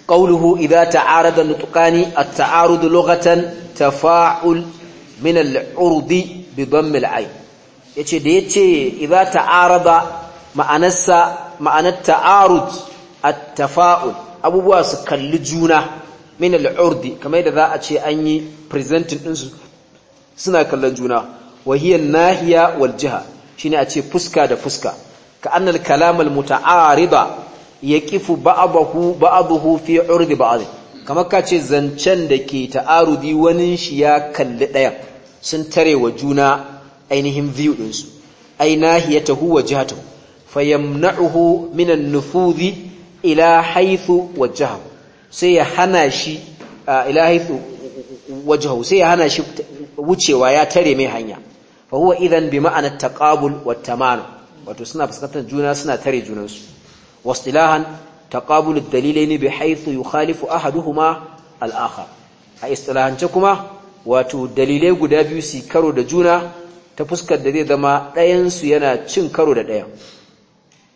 qawluhu idha ta'arada nutqani at-ta'arud lughatan tafa'ul min al-urdi bi yace da yace idha ta'arada ma'anarsa ma'anar ta'arud at-tafa'ul abubuwa su kalli juna min al-urdi kamar yadda za a ce an yi presenting din suna kallon juna wahiyar nahiya wal jiha shine a ce fuska da fuska ka annal kalamal muta'arida yaqifu ba'dahu ba'dahu fi urdi ba'd kamar kace zancen da ke ta'arudi wani shi ya kalli ɗayan sun tare wa juna ainihin view ɗinsu ai nahiyatahu wa jihatahu fayamna'uhu min an-nufudhi ila haythu wajhahu sai ya hana shi ila haythu wajhahu sai ya hana shi wucewa ya tare mai hanya fa huwa idan bi ma'anar taqabul wat tamanu wato suna fuskantar juna suna tare junansu dalilai واصطلاحا تقابل الدليلين بحيث يخالف احدهما الاخر اي اصطلاحا kuma wato dalilai guda biyu su karo da juna ta fuskar da zai zama dayan su yana cin karo da dayan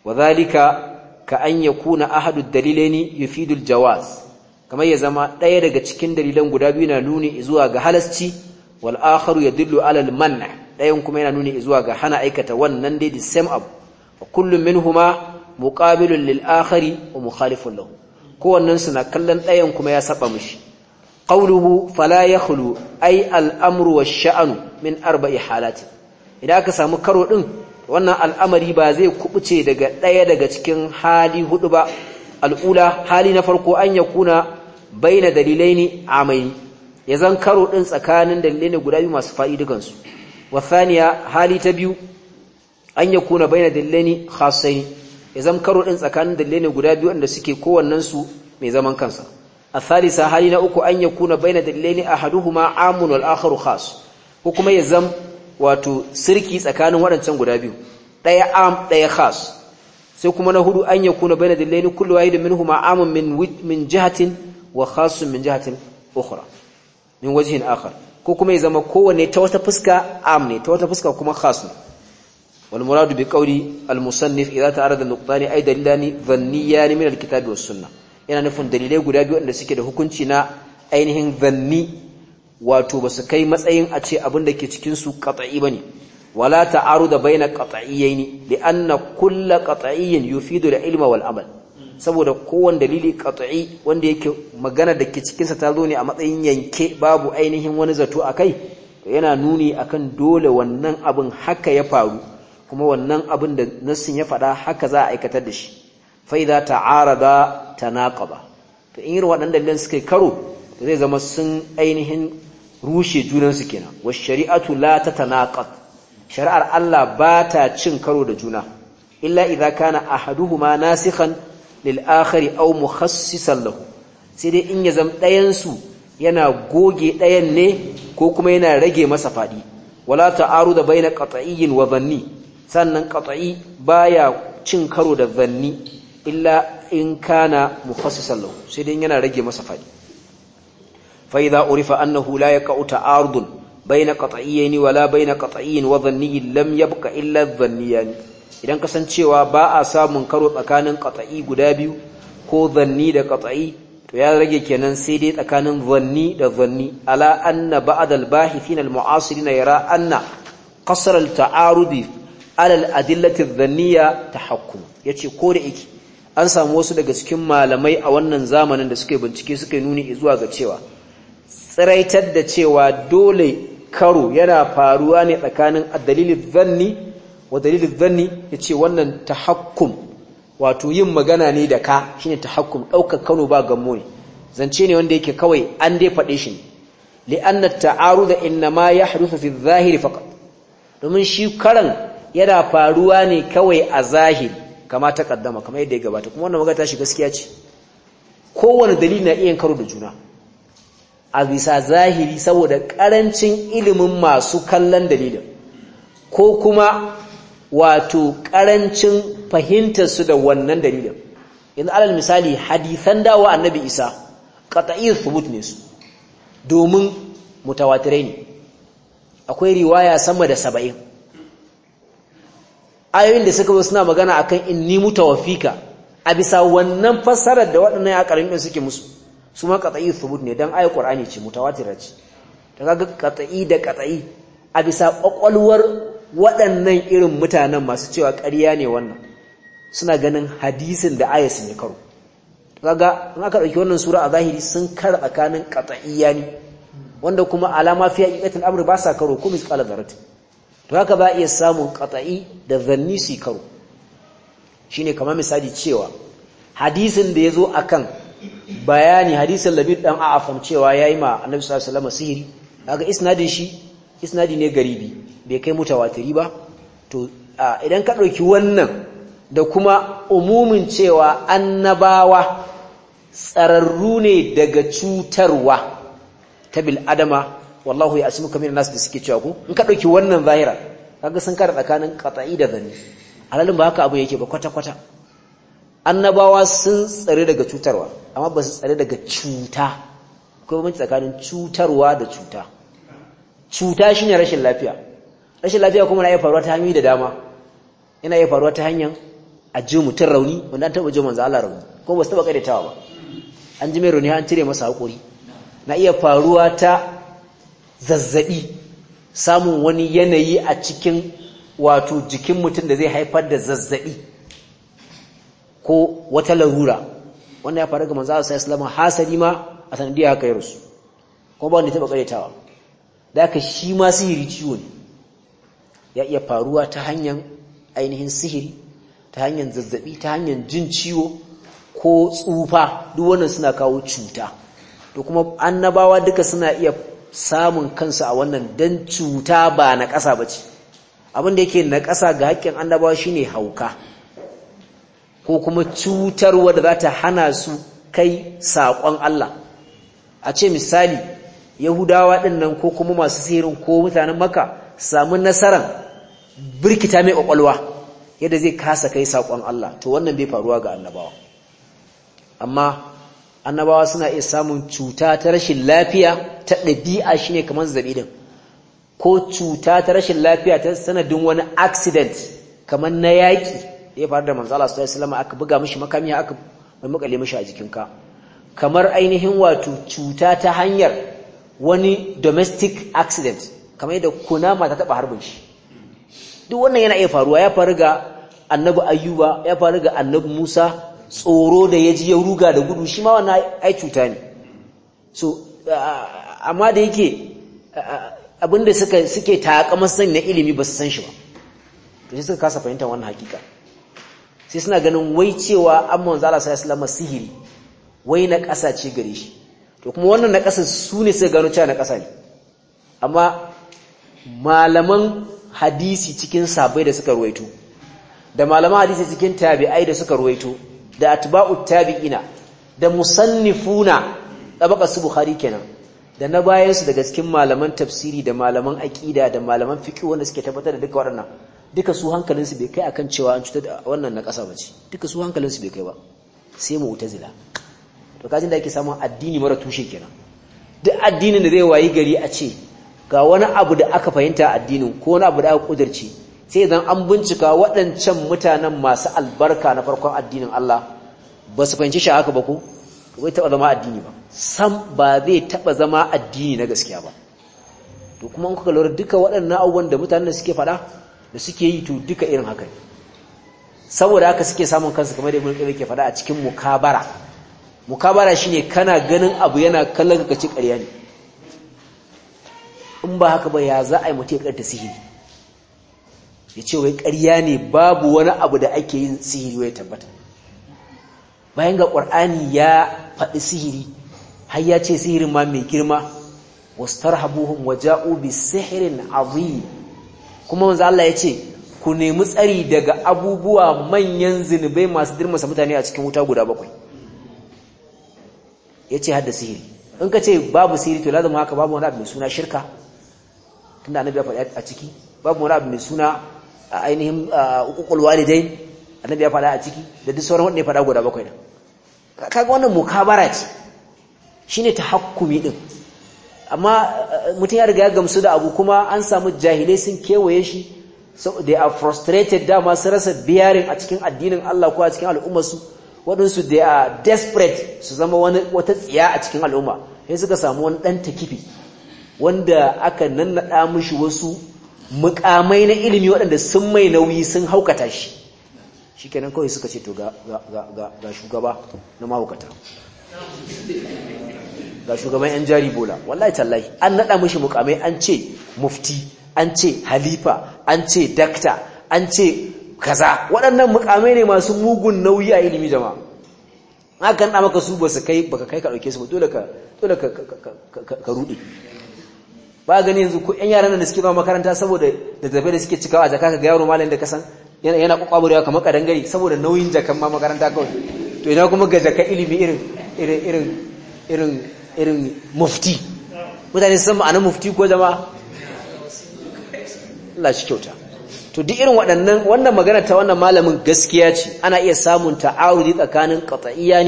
wazalika ka an yakuna ahadu dalilai dalilaini yufidul jawaz kamar ya zama ɗaya daga cikin dalilan guda biyu na nuna zuwa ga halasci wal akharu yadullu ala al manna dayan kuma yana nuna zuwa ga hana aikata wannan dai the same up wa kullu minhumma muqabilun lil akhari wa mukhalifun lahu kowannen su na kallon ɗayan kuma ya saba mishi qawluhu fala yakhlu ay al amru wash sha'nu min arba'i halatin idan aka samu karo din wannan al'amari ba zai kubuce daga ɗaya daga cikin hali hudu ba al'ula hali na farko an yakuna baina dalilaini amaini ya zan karo din tsakanin dalilai ne guda biyu masu fa'idukansu wa thaniya hali ta biyu an yakuna baina dalilaini khasaini ya zama karo ɗin tsakanin dalilai ne guda biyu wanda suke su mai zaman kansa a thalisa hali na uku an ya kuna bai na dalilai ne a ma amun al'akharu khas ko kuma ya zama wato sirki tsakanin waɗancan guda biyu ɗaya am ɗaya khas sai kuma na hudu an ya kuna bai na dalilai ne da min minhuma amun min jihatin wa khasun min jihatin ukhra min akhar ko kuma ya zama kowanne ta wata fuska am ne ta wata fuska kuma khas ne والمراد بقول المصنف إذا تعرض النقطان أي دليلان ظنيان من الكتاب والسنة yana nufin dalilai guda biyu wanda suke da hukunci na ainihin zanni wato ba su kai matsayin a ce abin da ke cikinsu katsa'i ba ne wala ta'aru da bayyana katsa'iyyai ne da an na kulla katsa'iyyin yufido da ilma wal amal saboda kowane dalili katsa'i wanda yake magana da ke cikinsa ta zo ne a matsayin yanke babu ainihin wani zato a kai yana nuni akan dole wannan abin haka ya faru kuma wannan abin da nassin ya faɗa haka za a aikatar da shi fa ta ta'arada tanaqaba to in irin waɗannan dalilan suka karo to zai zama sun ainihin rushe junan su kenan wa shari'atu la tatanaqad shari'ar Allah ba ta cin karo da juna illa idza kana ahaduhuma nasikhan lil akhari aw mukhassisan lahu sai dai in ya zama ɗayan su yana goge ɗayan ne ko kuma yana rage masa faɗi wala ta'aruda baina qat'iyyin wa dhanni sannan qat'i baya cin karo da zanni illa in kana mukhassisan lahu sai dai yana rage masa fadi fa idza urifa annahu la yaqa'u ta'arudun baina qat'iyyin wala baina qat'iyyin wa dhanni lam yabqa illa dhanniyan idan kasancewa ba a samun karo tsakanin qat'i guda biyu ko zanni da qat'i to ya rage kenan sai dai tsakanin zanni da zanni ala anna ba'd al-bahithin al-mu'asirin yara anna qasr al-ta'arudi alal adillatin zanniya ta hakuma ya ce ko da iki an samu wasu daga cikin malamai a wannan zamanin da suka bincike suka nuni zuwa ga cewa tsiraitar da cewa dole karo yana faruwa ne tsakanin dalilin zanni wa dalilin zanni ya ce wannan ta wato yin magana ne da ka shine ta hakkum ɗaukar kano ba gammo ne zance ne wanda yake kawai an dai faɗe shi ne li'anna ta'aruda inna ma ya hadusa fi zahiri faqat domin shi karan yana faruwa ne kawai a zahiri kama ta kaddama kama yadda ya gabata kuma wannan magana tashi gaskiya ce kowane dalili na iya karo da juna a bisa zahiri saboda karancin ilimin masu kallon dalilin ko kuma wato karancin fahimtar su da wannan dalilin yanzu alal misali hadisan dawa annabi isa qat'i thubut ne su domin mutawatirai ne akwai riwaya sama da saba'in ayoyin da suka zo suna magana akan inni mutawaffika a bisa wannan fassarar da waɗannan ya ƙarin ɗin suke musu su ma qat'i thubut ne don ayat ƙwar'ani ce mutawatira ce ta kaga katsayi da katsayi a bisa ƙwaƙwalwar waɗannan irin mutanen masu cewa ƙarya ne wannan suna ganin hadisin da ayat ne karo karo kaga in aka ɗauki wannan sura a zahiri sun kar tsakanin qat'iyya ne wanda kuma alama fiye haqiqatul amr ba sa karo kuma ƙala dharratin to haka ba iya samun qata'i da zanni su karo shine kamar misali cewa hadisin da ya yazo akan bayani hadisin labid dan a'afam cewa yayi ma annabi sallallahu alaihi wasallam sihiri kaga isnadin shi isnadi ne garibi bai kai mutawatiri ba to idan ka ɗauki wannan da kuma umumin cewa annabawa tsararru ne daga cutarwa ta bil'adama wallahu ya asimu kamar nasu da suke cewa ku in ka ɗauki wannan zahira kaga sun kara tsakanin qata'i da zanni alalin ba haka abu yake ba kwata kwata annabawa sun tsare daga cutarwa amma ba su tsare daga cuta akwai mace tsakanin cutarwa da cuta cuta shine rashin lafiya rashin lafiya kuma na iya faruwa ta hanyoyi da dama yana iya faruwa ta hanyar a ji mutum rauni wanda an taɓa ji manzo Allah rauni ko ba su taɓa karyatawa ba an ji mai rauni an cire masa haƙuri na iya faruwa ta Zazzaɓi samun wani yanayi a cikin wato jikin mutum da zai haifar da zazzaɓi ko wata larura wanda ya faru ga manzo Allah sallallahu alaihi hasali ma a sanadiyar haka ya su kuma ba wanda ya taba karetawa da haka shi ma sihiri ciwo ne ya iya faruwa ta hanyar ainihin sihiri ta hanyar zazzabi ta hanyar jin ciwo ko tsufa duk wannan suna kawo cuta to kuma annabawa duka suna iya samun kansa a wannan don cuta ba na ƙasa ba ce abinda yake na ƙasa ga haƙƙin annabawa shine hauka ko kuma cutarwa da za ta hana su kai saƙon Allah a ce misali yahudawa ɗin nan ko kuma masu sihirin ko mutanen maka samun nasarar birkita mai ƙwaƙwalwa yadda zai kasa kai saƙon Allah to wannan bai faruwa ga annabawa amma annabawa suna iya samun cuta ta rashin lafiya ta ɗabi'a shine kamar zazzabi din ko cuta ta rashin lafiya ta sanadin wani accident kamar na yaƙi ya faru da manzo Allah sallallahu aka buga mishi makami aka mai makale mishi a jikinka kamar ainihin wato cuta ta hanyar wani domestic accident kamar yadda kunama ta taba harbin shi duk wannan yana iya faruwa ya faru ga annabi ayyuba ya faru ga annabi musa tsoro da ya ji ya ruga da gudu shi ma wannan ai cuta ne so amma da yake abinda suke takamar san na ilimi ba su san shi ba to sai suka kasa fahimtar wannan hakika sai suna ganin wai cewa an manzo Allah sallallahu alaihi sihiri wai na ƙasa ce gare shi to kuma wannan na ƙasa su ne suka gano cewa na ƙasa ne amma malaman hadisi cikin sabai da suka ruwaito da malaman hadisi cikin tabi'ai da suka ruwaito da atba'ut tabi'ina da musannifuna baka su bukhari kenan da na bayan su daga cikin malaman tafsiri da malaman aqida da malaman fiqh wanda suke tabbatar da duka waɗannan duka su hankalin su bai kai akan cewa an cutar da wannan na ƙasa bace duka su hankalin su bai kai ba sai mu'tazila to kajin da ake samun addini mara tushe kenan duk addinin da zai wayi gari a ce ga wani abu da aka fahimta addinin ko wani abu da aka kudirce sai idan an bincika waɗancan mutanen masu albarka na farkon addinin Allah ba su fahimci shi ba ko bai taɓa zama addini ba sam ba zai taɓa zama addini na gaskiya ba to kuma an kuka lura duka waɗannan abubuwan da mutanen da suke faɗa da suke yi to duka irin haka ne saboda haka suke samun kansu kamar da ibn qayyim yake faɗa a cikin mukabara mukabara shine kana ganin abu yana kallon ka karya ƙarya ne in ba haka ba ya za a yi mutum ya sihiri ya ce wai karya ne babu wani abu da ake yin sihiri wai tabbata bayan ga ƙwar'ani ya faɗi sihiri har ya ce sihirin ma mai girma wasu tarhabuhun waje obi sihirin abuyi kuma wanzu Allah ya ce ku nemi tsari daga abubuwa manyan zinubai masu dirmasa mutane a cikin wuta guda bakwai ya ce hada sihiri in ka ce babu sihiri to lazama haka babu wani abu mai suna shirka tunda annabi ya faɗi a ciki babu wani abu mai suna A ainihin hukukul walidain annabi ya fada a ciki da duk sauran wanda ya fada guda bakwai nan kaga wannan mukabara ce shine tahakkumi din amma eh, mutum ya riga ya gamsu da abu kuma an samu jahilai sun kewaye shi so they are frustrated dama su rasa biyarin a cikin addinin Allah ko a cikin su waɗansu they are desperate su zama wani wata tsiya a cikin al'umma sai suka samu wani ɗan takifi wanda aka nannaɗa mishi wasu mukamai na ilimi waɗanda sun mai nauyi sun haukata shi shi kenan kawai suka ce to ga shugaba na mahaukata ga shugaban yan jari bola wallahi tallahi an naɗa mashi mukamai an ce mufti an ce halifa an ce dakta an ce kaza waɗannan mukamai ne masu mugun nauyi a ilimi jama'a hakan na maka su ba su kai ka kai ka ɗauke su ba dole ka ruɗe ba gani yanzu ko ƴan yaran da suke ba makaranta saboda da tafi da suke cikawa a jaka ga yaro malamin da kasan yana yana kokwaburewa kamar gari saboda nauyin jakan ma makaranta kawai to ina kuma ga jaka ilimi irin irin irin irin irin mufti mutane san ma'anar mufti ko jama'a Allah shi kyauta to duk irin waɗannan wannan magana ta wannan malamin gaskiya ce ana iya samun ta'awudi tsakanin qat'iyya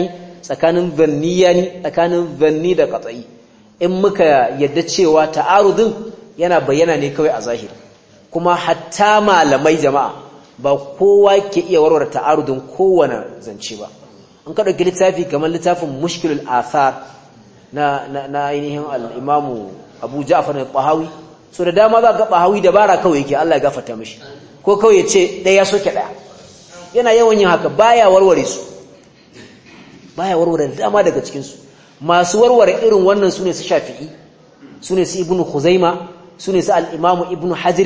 tsakanin zanniyani tsakanin zanni da qat'i in muka yadda cewa ta'arudin yana bayyana ne kawai a zahiri kuma hatta malamai jama'a ba kowa ke iya warware ta'arudin kowane zance ba an ka littafi kamar littafin mushkilul athar na na ainihin al-imamu Abu Ja'far al so da dama za ka Tahawi dabara kawai yake Allah ya gafarta mishi ko kawai ya ce ɗaya soke ɗaya yana yawan yin haka baya warware su baya warware dama daga cikin su masu warware irin wannan sune su shafi'i sune su ibnu khuzaima sune su al-imamu ibnu su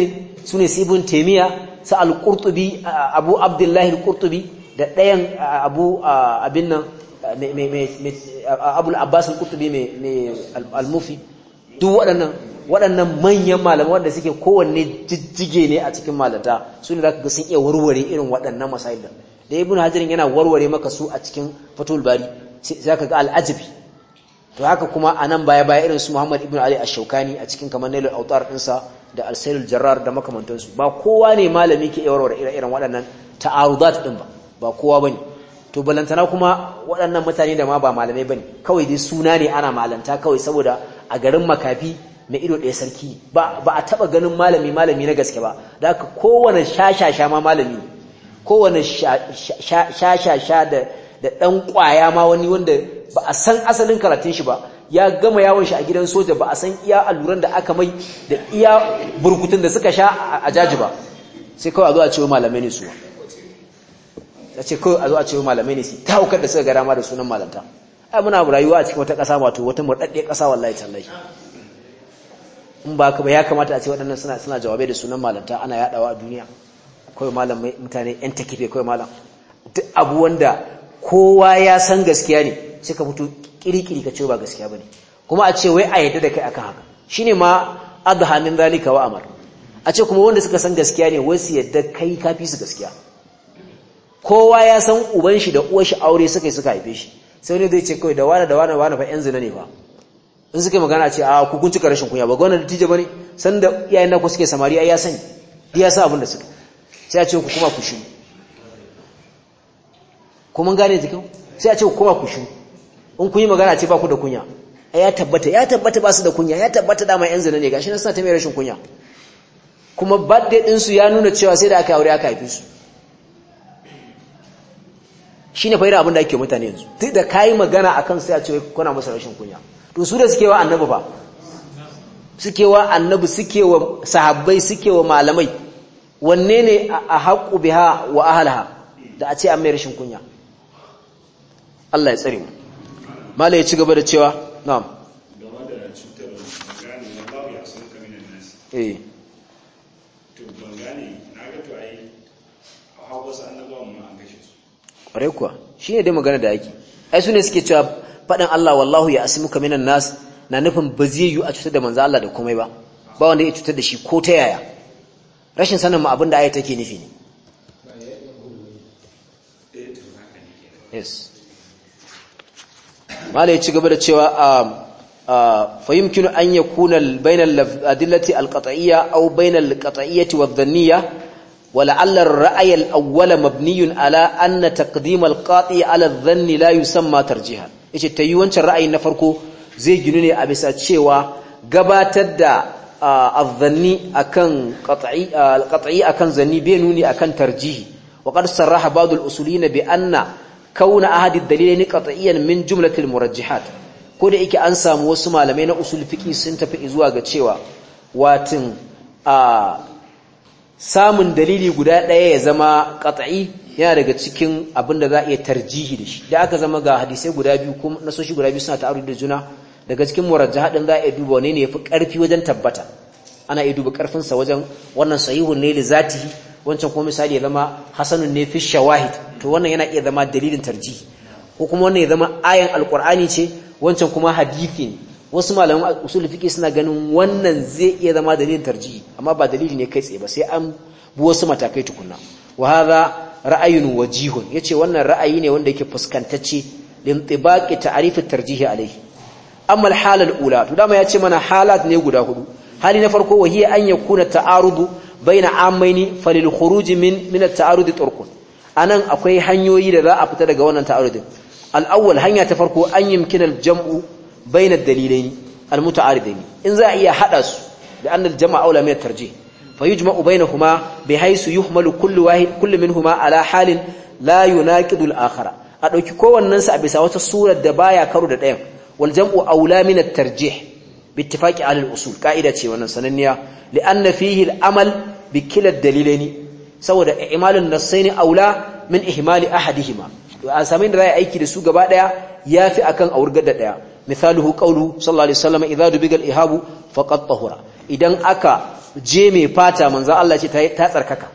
sune su ibnu taymiya su al-qurtubi abu abdullahi al-qurtubi da ɗayan abu abin nan abul abbas al-qurtubi mai al-mufi duk waɗannan waɗannan manyan malamai wanda suke kowanne jijjige ne a cikin malata su ne za ga sun iya warware irin waɗannan masail da Ibnu hajarin yana warware maka su a cikin fatul bari zaka ka ga al'ajabi to haka kuma a nan baya baya irin su Muhammad ibn Ali Ash-Shawkani a cikin kamar Nailul Awtar ɗinsa da Al-Sayyid Jarrar da makamantansu ba kowa ne malami ke iya irin ire-iren waɗannan ta'arudat ɗin ba ba kowa bane to balantana kuma waɗannan mutane da ma ba malamai bane kawai dai suna ne ana malanta kawai saboda a garin makafi na ido ɗaya sarki ba a taɓa ganin malami malami na gaske ba da haka kowane shashasha ma malami kowane sha-sha-sha da ɗan ƙwaya ma wani wanda ba a san asalin karatun shi ba ya gama yawon shi a gidan soja ba a san iya alluran da aka mai da iya burkutun da suka sha a jaji ba sai kawai a zo a cewa malamai ne su ta ce kawai a zo a cewa malamai ne su ta hukar da suka gara ma da sunan malanta ai muna rayuwa a cikin wata ƙasa wato wata murɗaɗɗiyar ƙasa wallahi tallahi in ba ka ba ya kamata a ce waɗannan suna jawabai da sunan malanta ana yaɗawa a duniya kawai malam mutane yan takife kawai malam duk abu wanda kowa ya san gaskiya ne sai ka mutu kirikiri ka ce ba gaskiya bane kuma a ce wai a yadda da kai akan haka shine ma adha hannun zalika wa amar a ce kuma wanda suka san gaskiya ne wai su yadda kai kafi su gaskiya kowa ya san uban shi da uwar shi aure suka yi suka haife shi sai wani zai ce kawai da wani da wani wani fa yan zina ne fa in suka magana ce a kukunci karashin kunya ba ga wannan dattijo bane san da iyayen naku suke samari ai ya sani ya sa abin da suka sai a ce ku kuma ku shi ko mun gane jikin sai a ce ku kuma ku shi in kun yi magana ce ba ku da kunya ya tabbata ya tabbata ba su da kunya ya tabbata dama yan zina ne gashi na suna ta mai rashin kunya kuma birthday din su ya nuna cewa sai da aka aure aka haife su shine fa irin abin da ake mutane yanzu duk da kai magana akan sai a ce kuna masa rashin kunya to su da suke wa annabi ba suke wa annabi suke wa sahabbai suke wa malamai wanne ne a haƙu biha wa ahalha da a ce an mai rashin kunya Allah ya tsare mu mala ya ci gaba da cewa na'am game da cutar gani na babu ya san kaminan nasi eh to gani na ga to ai a hawa sa annabawan mu an gashi su kware kuwa shine dai magana da ake ai sune suke cewa faɗin Allah wallahu ya asimuka minan nas na nufin ba zai yi a cutar da manzo Allah da komai ba ba wanda ya cutar da shi ko ta yaya rashin sanin mu abin da ayat take nufi ne yes ya ci gaba da cewa fahimkinu yumkinu an yakuna bayna al-adillati al-qat'iyya aw bayna al-qat'iyyati ra'ayar awwala wa mabniyun ala anna taqdim al-qati' layu san matar jiha. Ya ce ta tayi wancan ra'ayi na farko zai ginu ne a bisa cewa gabatar da azzanni akan akan zanni bai nuni akan tarjihi wa qad sarraha ba'd al-usuliyyin bi anna kauna ahadi ad-dalilaini qat'iyan min jumlatil murajjihat ko da yake an samu wasu malamai na usul fiqi sun tafi zuwa ga cewa watin samun dalili guda ɗaya ya zama qat'i yana daga cikin abinda za a iya tarjihi da shi da aka zama ga hadisai guda biyu kuma nasoshi guda biyu suna ta'arudi da juna daga cikin murajjah din za a yi duba wane ne fi karfi wajen tabbata ana iya duba karfin sa wajen wannan sahihun ne li zatihi wancan kuma misali ya zama hasanun ne fi shawahid to wannan yana iya zama dalilin tarji. ko kuma wannan ya zama ayan alqur'ani ce wancan kuma hadisi ne wasu malaman usul fiqi suna ganin wannan zai iya zama dalilin tarji amma ba dalili ne kai tsaye ba sai an bu wasu matakai tukunna wa hadha ra'ayun wajihun yace wannan ra'ayi ne wanda yake fuskantacce lintibaqi ta'rifit tarjihi alayhi amma halal ula to dama ya ce mana halat ne guda hudu hali na farko wahiya an yakuna ta'arudu baina amaini falil khuruj min min at-ta'arud turqun anan akwai hanyoyi da za a fita daga wannan ta'arudin al-awwal hanya ta farko an yumkina al-jam'u baina ad-dalilain al-muta'aridain in za a iya hada su da annal jama'a aula min at-tarjih فيجمع بينهما بحيث يحمل كل واحد كل منهما على حال لا يناقض الاخر a dauki kowannen sa a bisa wata surar da baya karo da dayan. wal jam'u aula min at tarjih bi ittifaqi ahli al usul ka'ida ce wannan sananniya li anna fihi al amal bi kila dalilaini saboda imalun nassaini aula min ihmali ahadihima to an A da zai aiki da su gaba ɗaya daya yafi akan aurgar da daya misaluhu qawlu sallallahu alaihi wasallam idza dubiga al ihabu faqad tahura idan aka je mai fata manzo Allah ce ta tsarkaka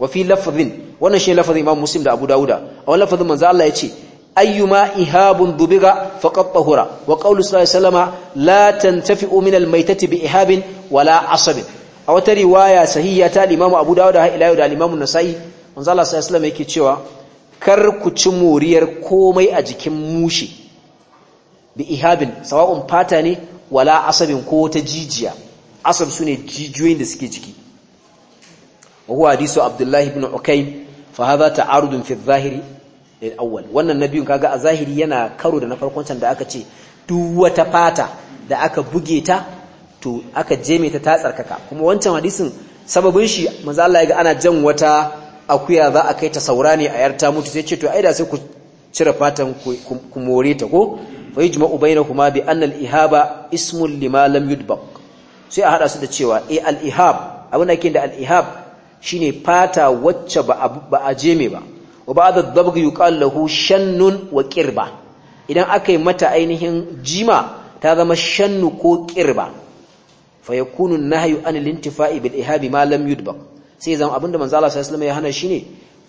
wa fi lafzin wannan shi lafazin Imam Muslim da Abu dauda a wannan lafazin manzo Allah ce. ayyuma ihabun dubiga faqad tahura wa qawlu sallallahu alaihi wasallama la tantafi'u min almaytati bi ihabin wala asab a wata riwaya sahiha ta Imam Abu Dawud da Ila da Imam An-Nasa'i manzo Allah sallallahu alaihi yake cewa kar ku ci moriyar komai a jikin mushi bi ihabin sawa'un fata ne wala asabin ko ta jijiya asab sune jijiyoyin da suke jiki wa hadisu abdullahi ibn Ukaym fa hadha ta'arudun fi da eh, awwal wannan na biyun kaga a zahiri yana karo da na farkon can da aka ce duk wata fata da aka buge ta to aka jeme ta ta tsarkaka kuma wancan hadisin sababin shi manzo Allah ya ga ana jan wata akuya za a kai ta saura ne a yarta mutu sai ce to ai da sai ku cire fatan ku more ta ko fa yajma'u bainakuma bi anna al-ihaba ismun lima lam yudbaq sai a hada su da cewa eh al-ihab abin da yake da al-ihab shine fata wacce ba a jeme ba wa ba'da dabg yuqal lahu shannun wa ƙirba, idan akai mata ainihin jima ta zama shannu ko qirba fa yakunu an-nahyu nahyu an lintifa'i bil ihabi ma lam yudbaq sai zama abinda manzo Allah sallallahu alaihi wasallam ya hana shine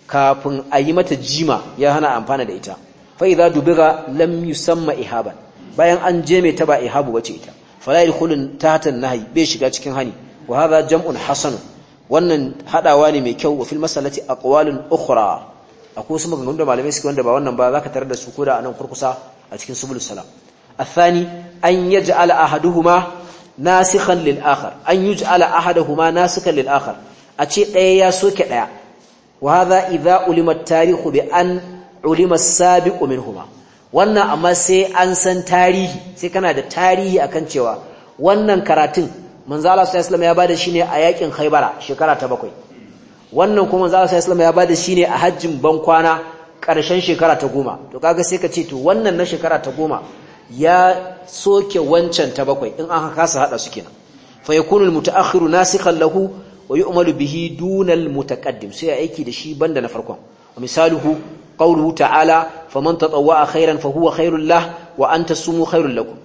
kafin a yi mata jima ya hana amfana da ita fa idza dubiga lam yusamma ihaban bayan an je mai ta ba ihabu bace ita fala yadkhulun tahta an-nahyi bai shiga cikin hani wa hadha jam'un hasan wannan hadawa ne mai kyau wa fil mas'alati aqwalun ukhra akwai wasu maganganu da malamai suke wanda ba wannan ba zaka tarar da su koda anan kurkusa a cikin subulus salam athani an yaj'ala ahaduhuma nasikhan lil akhar an yuj'ala ahaduhuma nasikhan lil akhar a ce daya ya soke daya wa hadha idha ulima at-tarikh bi an ulima as-sabiq minhuma wannan amma sai an san tarihi sai kana da tarihi akan cewa wannan karatun manzo Allah sallallahu alaihi wasallam ya bada shi ne a yakin haibara shekara ta bakwai wannan kuma za a islam ya bada shi ne a hajjin bankwana ƙarshen shekara ta goma to kaga sai ka ce to wannan na shekara ta goma ya soke wancan ta bakwai in an kasa hada su kenan fa yakunu almutaakhiru nasikhan lahu wa yu'malu bihi duna almutaqaddim sai aiki da shi banda na farkon wa misaluhu qawluhu ta'ala faman tatawwa'a khairan fa huwa khairul lah wa an sumu khairul lakum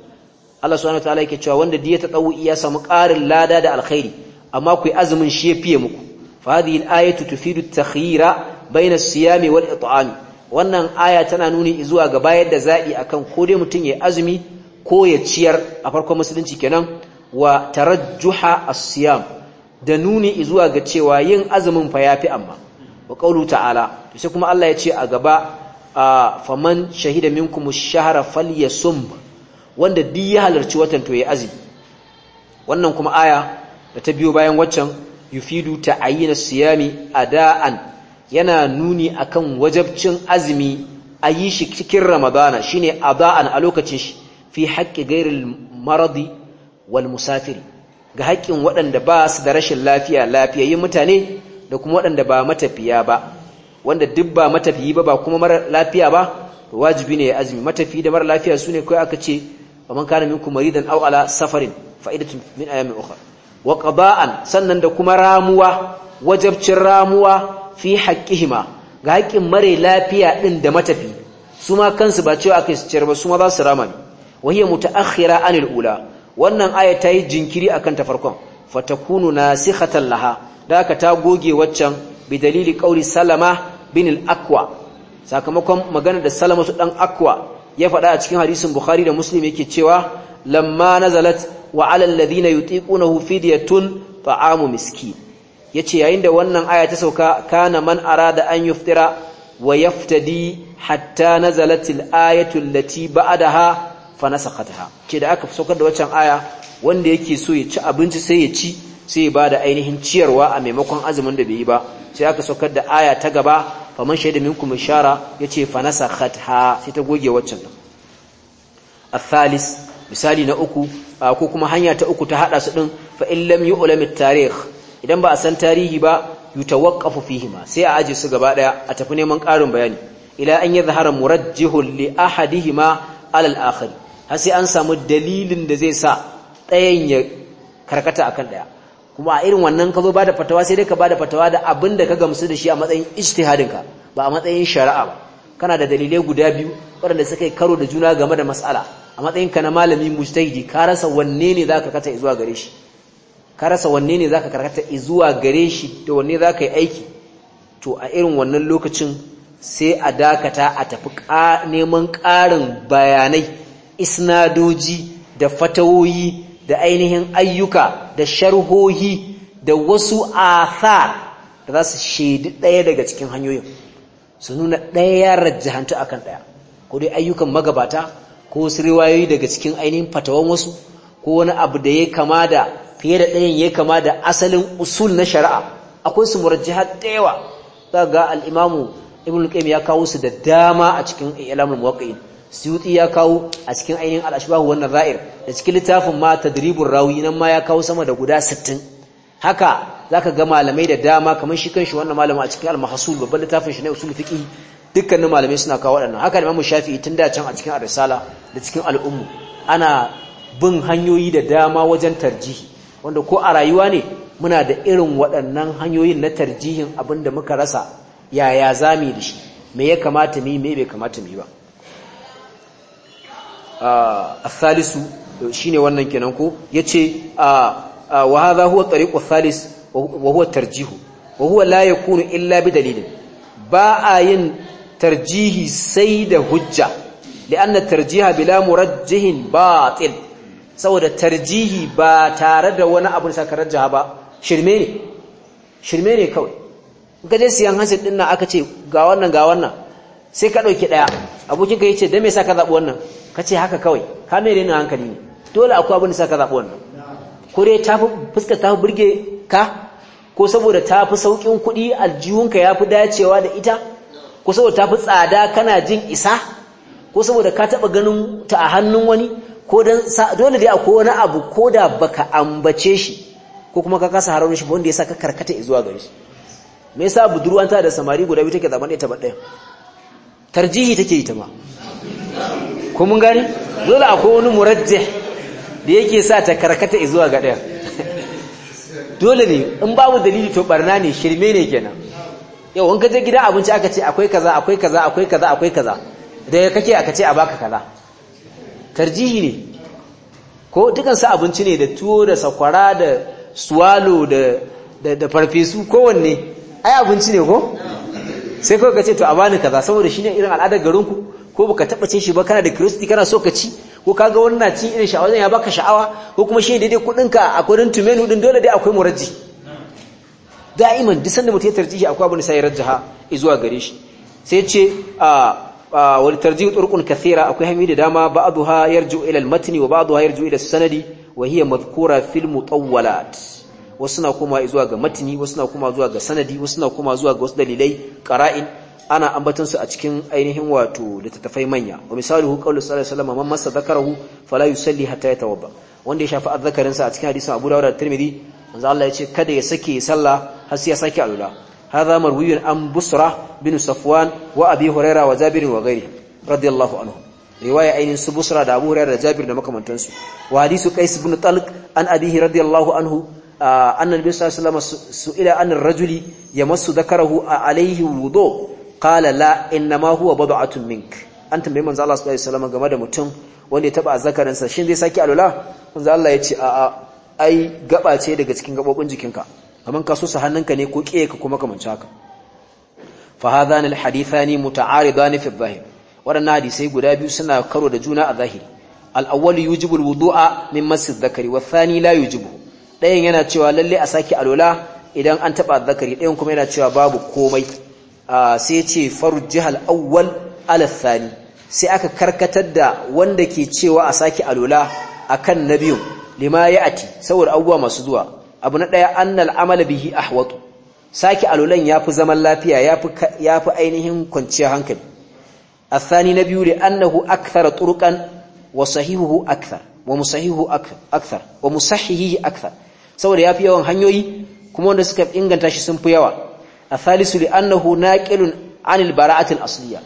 Allah subhanahu wa ta'ala yake cewa wanda diya ta tsawu ya samu ƙarin lada da alkhairi amma ku azumin shi ya fiye muku فهذه الآية تفيد التخيير بين الصيام والإطعام wannan aya tana nuni zuwa ga bayar da zaɓi akan ko dai mutum ya azumi ko ya ciyar a farkon musulunci kenan wa tarajjuha as-siyam da nuni zuwa ga cewa yin azumin fa yafi amma wa qawlu ta'ala to sai kuma Allah ya ce a gaba faman shahida minkum ash-shahra falyasum wanda duk ya halarci watan to ya azumi wannan kuma aya da ta biyo bayan waccan yufidu ta'ayyina siyami ada'an yana nuni akan wajabcin azumi a yi shi cikin ramadana shine ada'an a lokacin shi fi hakki gairil maradi wal musafiri ga haƙƙin waɗanda ba su da rashin lafiya lafiyayin mutane da kuma waɗanda ba matafiya ba wanda duk ba matafiyi ba ba kuma mara lafiya ba wajibi ne ya azumi Matafi da mara lafiya su ne kawai aka ce ba man kana minkum maridan aw ala safarin fa'idatun min ayamin ukhra wa sannan da kuma ramuwa wajabcin ramuwa fi haqqihima ga haƙƙin mare lafiya din da matafi su ma kansu ba cewa akai su ba su ma za su rama ne wa hiya mutaakhira ula wannan aya ta yi jinkiri akan ta farkon fatakunu nasikhatan laha da aka ta goge waccan bi dalili kauri salama bin akwa. sakamakon magana da salama su dan akwa ya faɗa a cikin hadisin bukhari da muslim yake cewa lamma nazalat wa alal ladina yutiqunahu fidyatun ta'amu miskin yace yayin da wannan aya ta sauka kana man arada an yuftira wa yaftadi hatta nazalat al-ayatu allati ba'daha fa nasakhataha ce da aka saukar da waccan aya wanda yake so ya ci abinci sai ya ci sai ya bada ainihin ciyarwa a maimakon azumin da bai yi ba sai aka saukar da aya ta gaba faman shaida minkum ishara yace fa nasakhataha sai ta goge waccan al-thalis misali na uku ko kuma hanya ta uku ta hada su din fa in lam yu'lam at-tarikh idan ba a san tarihi ba yutawaqqafu fihima sai a aje su gaba daya a tafi neman karin bayani ila an yadhhara murajjihun li ahadihima ala al-akhar har sai an samu dalilin da zai sa ɗayan ya karkata akan daya kuma a irin wannan ka zo ba da fatawa sai dai ka ba da fatawa da abin da ka gamsu da shi a matsayin ka ba a matsayin shari'a ba kana da dalilai guda biyu waɗanda suka yi karo da juna game da mas'ala a ka na malami mujtahidi ka rasa wanne ne zaka karkata zuwa gare shi ka rasa wanne ne zaka karkata zuwa gare shi to wanne zaka yi aiki to a irin wannan lokacin sai a dakata a tafi neman ƙarin bayanai isnadoji da fatawoyi da ainihin ayyuka da sharhohi da wasu athar da za su shaidi ɗaya daga cikin hanyoyin su nuna ɗaya ya a akan ɗaya ko dai ayyukan magabata ko wasu riwayoyi daga cikin ainihin fatawan wasu ko wani abu da ya kama da fiye da ɗayan ya kama da asalin usul na shari'a akwai su murajjihat da yawa za ga al'imamu ibn qayyim ya kawo su da dama a cikin ilamul muwaqqi'in suyuti ya kawo a cikin ainihin al wannan ra'ir da cikin littafin ma tadribur rawi nan ma ya kawo sama da guda sittin. haka zaka ga malamai da dama kamar shi kanshi wannan malama a cikin al-mahsul babban littafin shi ne usul fiqh dukkanin malamai suna kawo waɗannan haka da mamu shafi tun da can a cikin arisala da cikin al'ummu ana bin hanyoyi da dama wajen tarjihi wanda ko a rayuwa ne muna da irin waɗannan hanyoyin na tarjihin abin da muka rasa yaya za mu da shi me ya kamata mu yi me bai kamata mu yi ba a thalisu shine wannan kenan ko yace wa hadha huwa tariqu thalis wa huwa tarjihu wa huwa la illa bi dalilin ba a yin tarjihi sai da hujja li'anna tarjiha bila murajjihin batil saboda tarjihi ba tare da wani abu da saka rajjaha ba shirme ne shirme ne kawai in ka je siyan hasid din nan aka ce ga wannan ga wannan sai ka dauki daya abokin ka yace da me saka zabu wannan kace haka kawai ka mai rena hankali ne dole akwai abin da saka zabu wannan kure ta fuska ta burge ka ko saboda ta fi saukin kudi aljihunka ya fi dacewa da ita ko saboda ta fi tsada kana jin isa ko saboda ka taɓa ganin ta a hannun wani ko don dole dai akwai wani abu ko da baka ambace shi ko kuma ka kasa haramun shi wanda ya sa ka karkata zuwa gare shi me yasa budurwanta da samari guda biyu take zaman ɗaya ba ɗaya tarjihi take yi ta ma ko mun gani dole akwai wani murajjih da yake sa ta karkata zuwa ga ɗaya dole ne in babu dalili to barna ne shirme ne kenan yau wanka je gida abinci aka ce akwai kaza akwai kaza akwai kaza akwai kaza da kake aka ce a baka kaza tarjihi ne ko dukansu abinci ne da tuwo da sakwara da suwalo da da farfesu kowanne ai abinci ne ko sai kawai ka ce to a bani kaza saboda shine irin al'adar garinku ko baka taba cin shi ba kana da kiristi kana so ka ci ko kaga wannan cin irin sha'awa ya baka sha'awa ko kuma shi daidai kuɗinka a kudin tumenu din dole dai akwai muraji. da'iman duk sanda mutum ya tarjihi akwai abin da sai rajjaha zuwa gare shi sai ce a wal tarjihu turqun kathira akwai hanyoyi da dama ba'daha yarju ila al matni wa ba'daha yarju ila sanadi wa hiya madhkura fil mutawwalat wasu na kuma zuwa ga matni wasu na kuma zuwa ga sanadi wasu na kuma zuwa ga wasu dalilai qara'in ana ambaton su a cikin ainihin wato littattafai manya wa misaluhu qawlu sallallahu alaihi wasallam man masa dhakarahu fala yusalli hatta yatawadda wanda ya shafi azzakarin sa a cikin hadisin Abu Dawud da Tirmidhi manzo Allah ya ce kada ya sake sallah har sai ya sake alula hadha marwiyun an busra bin safwan wa abi huraira wa jabir wa ghairi radiyallahu anhu riwaya ainin su busra da abu huraira da jabir da makamantansu wa hadisu qais ibn talq an abihi radiyallahu anhu anna nabiy sallallahu alaihi wasallam su'ila an ar-rajuli yamassu dhakarahu alayhi wudu qala la innama huwa bad'atun mink an tambaye manzo Allah sallallahu alaihi wasallam game da mutum wanda ya taba azzakarinsa shin zai sake alula manzo Allah ya ce a'a ai gaba ce daga cikin gabobin jikinka kaman ka so sa hannunka ne ko ka kuma kamanci haka fa hadhan al hadithani muta'aridan fi adh-dhahir wadannan hadisai guda biyu suna karo da juna a zahiri al awwal yujibu al wudu'a min mass adh-dhakari wa thani la yujibu Ɗayan yana cewa lalle a saki alwala idan an taba adh-dhakari ɗayan kuma yana cewa babu komai sai ce farjih al awwal ala thani sai aka karkatar da wanda ke cewa a saki alwala akan nabiyun lima ya'ati saboda abubuwa masu zuwa abu na daya annal amala bihi ahwatu saki alulan yafi zaman lafiya yafi yafi ainihin kwanciyar hankali athani na biyu li annahu akthara turqan wa sahihuhu akthar wa musahihu akthar wa musahihi akthar saboda yafi yawan hanyoyi kuma wanda suka inganta shi sun fi yawa athalisu li annahu naqilun anil bara'atil asliya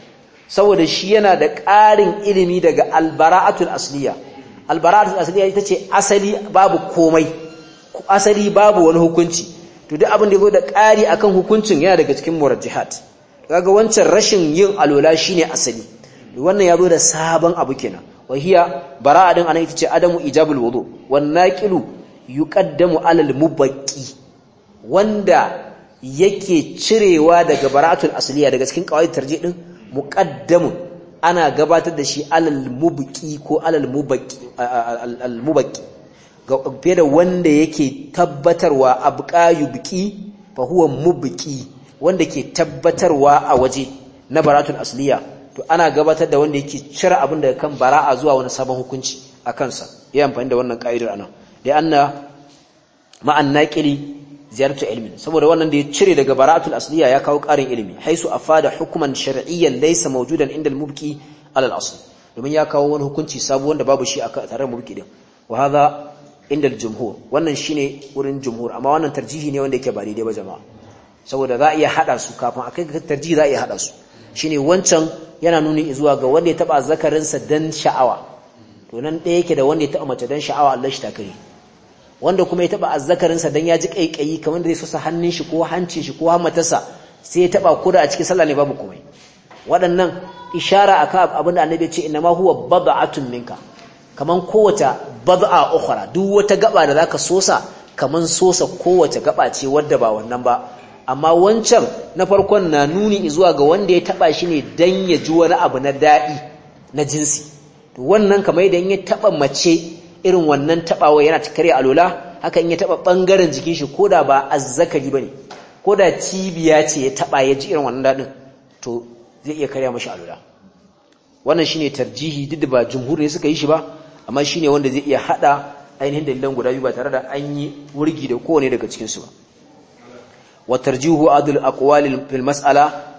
saboda shi yana da ƙarin ilimi daga albara'atul asliya albara'atu asali ita ce asali babu komai asali babu wani hukunci to duk abin da yake da ƙari akan hukuncin yana daga cikin murajjihat kaga wancan rashin yin alola shine asali wannan yazo da sabon abu kenan wahiya hiya din anan ita ce adamu ijabul wudu wan naqilu yuqaddamu alal mubaqi wanda yake cirewa daga bara'atul asliya daga cikin qawaid tarjih din muqaddamun ana gabatar da shi alal mubaki ko alal mubaki al da wanda yake tabbatarwa abqa yubqi fa huwa mubqi wanda ke tabbatarwa a waje na baratun asliya to ana gabatar da wanda yake cire abin daga kan bara'a zuwa wani sabon hukunci a kansa amfani da wannan ka'idar anan da anna ma'an naqili ziyartu ilmin saboda wannan da ya cire daga bara'atul asliya ya kawo ƙarin ilimi haisu afada hukuman shar'iyyan laysa mawjudan inda al-mubki ala al-asl domin ya kawo wani hukunci sabuwar wanda babu shi a tare da din wa hadha inda al-jumhur wannan shine wurin jumhur amma wannan tarjihi ne wanda yake ba daidai ba jama'a saboda za a iya hada su kafin akai ga tarjihi za a iya hada su shine wancan yana nuni zuwa ga wanda ya taba zakarinsa dan sha'awa to nan ɗaya yake da wanda ya taba mace dan sha'awa Allah shi takari wanda kuma ya taba sa dan ya ji kaikayi kamar da zai sosa hannun shi ko hancin shi ko hamatarsa sai ya taba kura a cikin sallah ne babu komai waɗannan ishara akan abin da annabi ya ce inna ma huwa bad'atun minka kaman kowace bad'a ukhra duk wata gaba da zaka sosa kaman sosa kowace gaba ce wadda ba wannan ba amma wancan na farkon na nuni zuwa ga wanda ya taba shi ne dan ya ji wani abu na dadi na jinsi to wannan kamar idan ya taba mace irin wannan tabawa yana karya alola haka in ya taba bangaren jikin shi koda ba azzakari bane koda cibiya ce ya taba ya ji irin wannan dadin to zai iya karya mashi alola wannan shine tarjihi duk da ba jumhur ne suka yi shi ba amma shine wanda zai iya hada ainihin dalilan guda biyu ba tare da an yi wurgi da kowane daga cikin su ba wa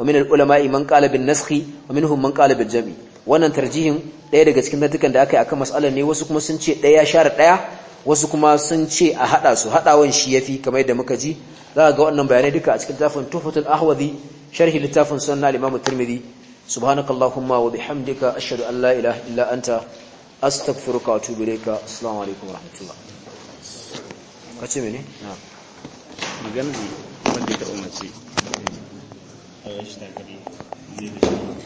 min al في man qala bin من wa minhum man qala bil jam' wannan tarjihin ɗaya daga cikin tattukan da aka yi a akan mas'alar ne wasu kuma sun ce ɗaya share ɗaya wasu kuma sun ce a haɗa su haɗawan shi ya yafi kamar yadda muka ji za ga wannan bayanai duka a cikin littafin tuhfatul ahwazi sharhi littafin sunan al-imam tirmidhi subhanakallahumma wa bihamdika ashhadu an la ilaha illa anta astaghfiruka wa atubu ilayka assalamu alaikum wa rahmatullah kace mene na magana ne wanda ta umarci a yashi zai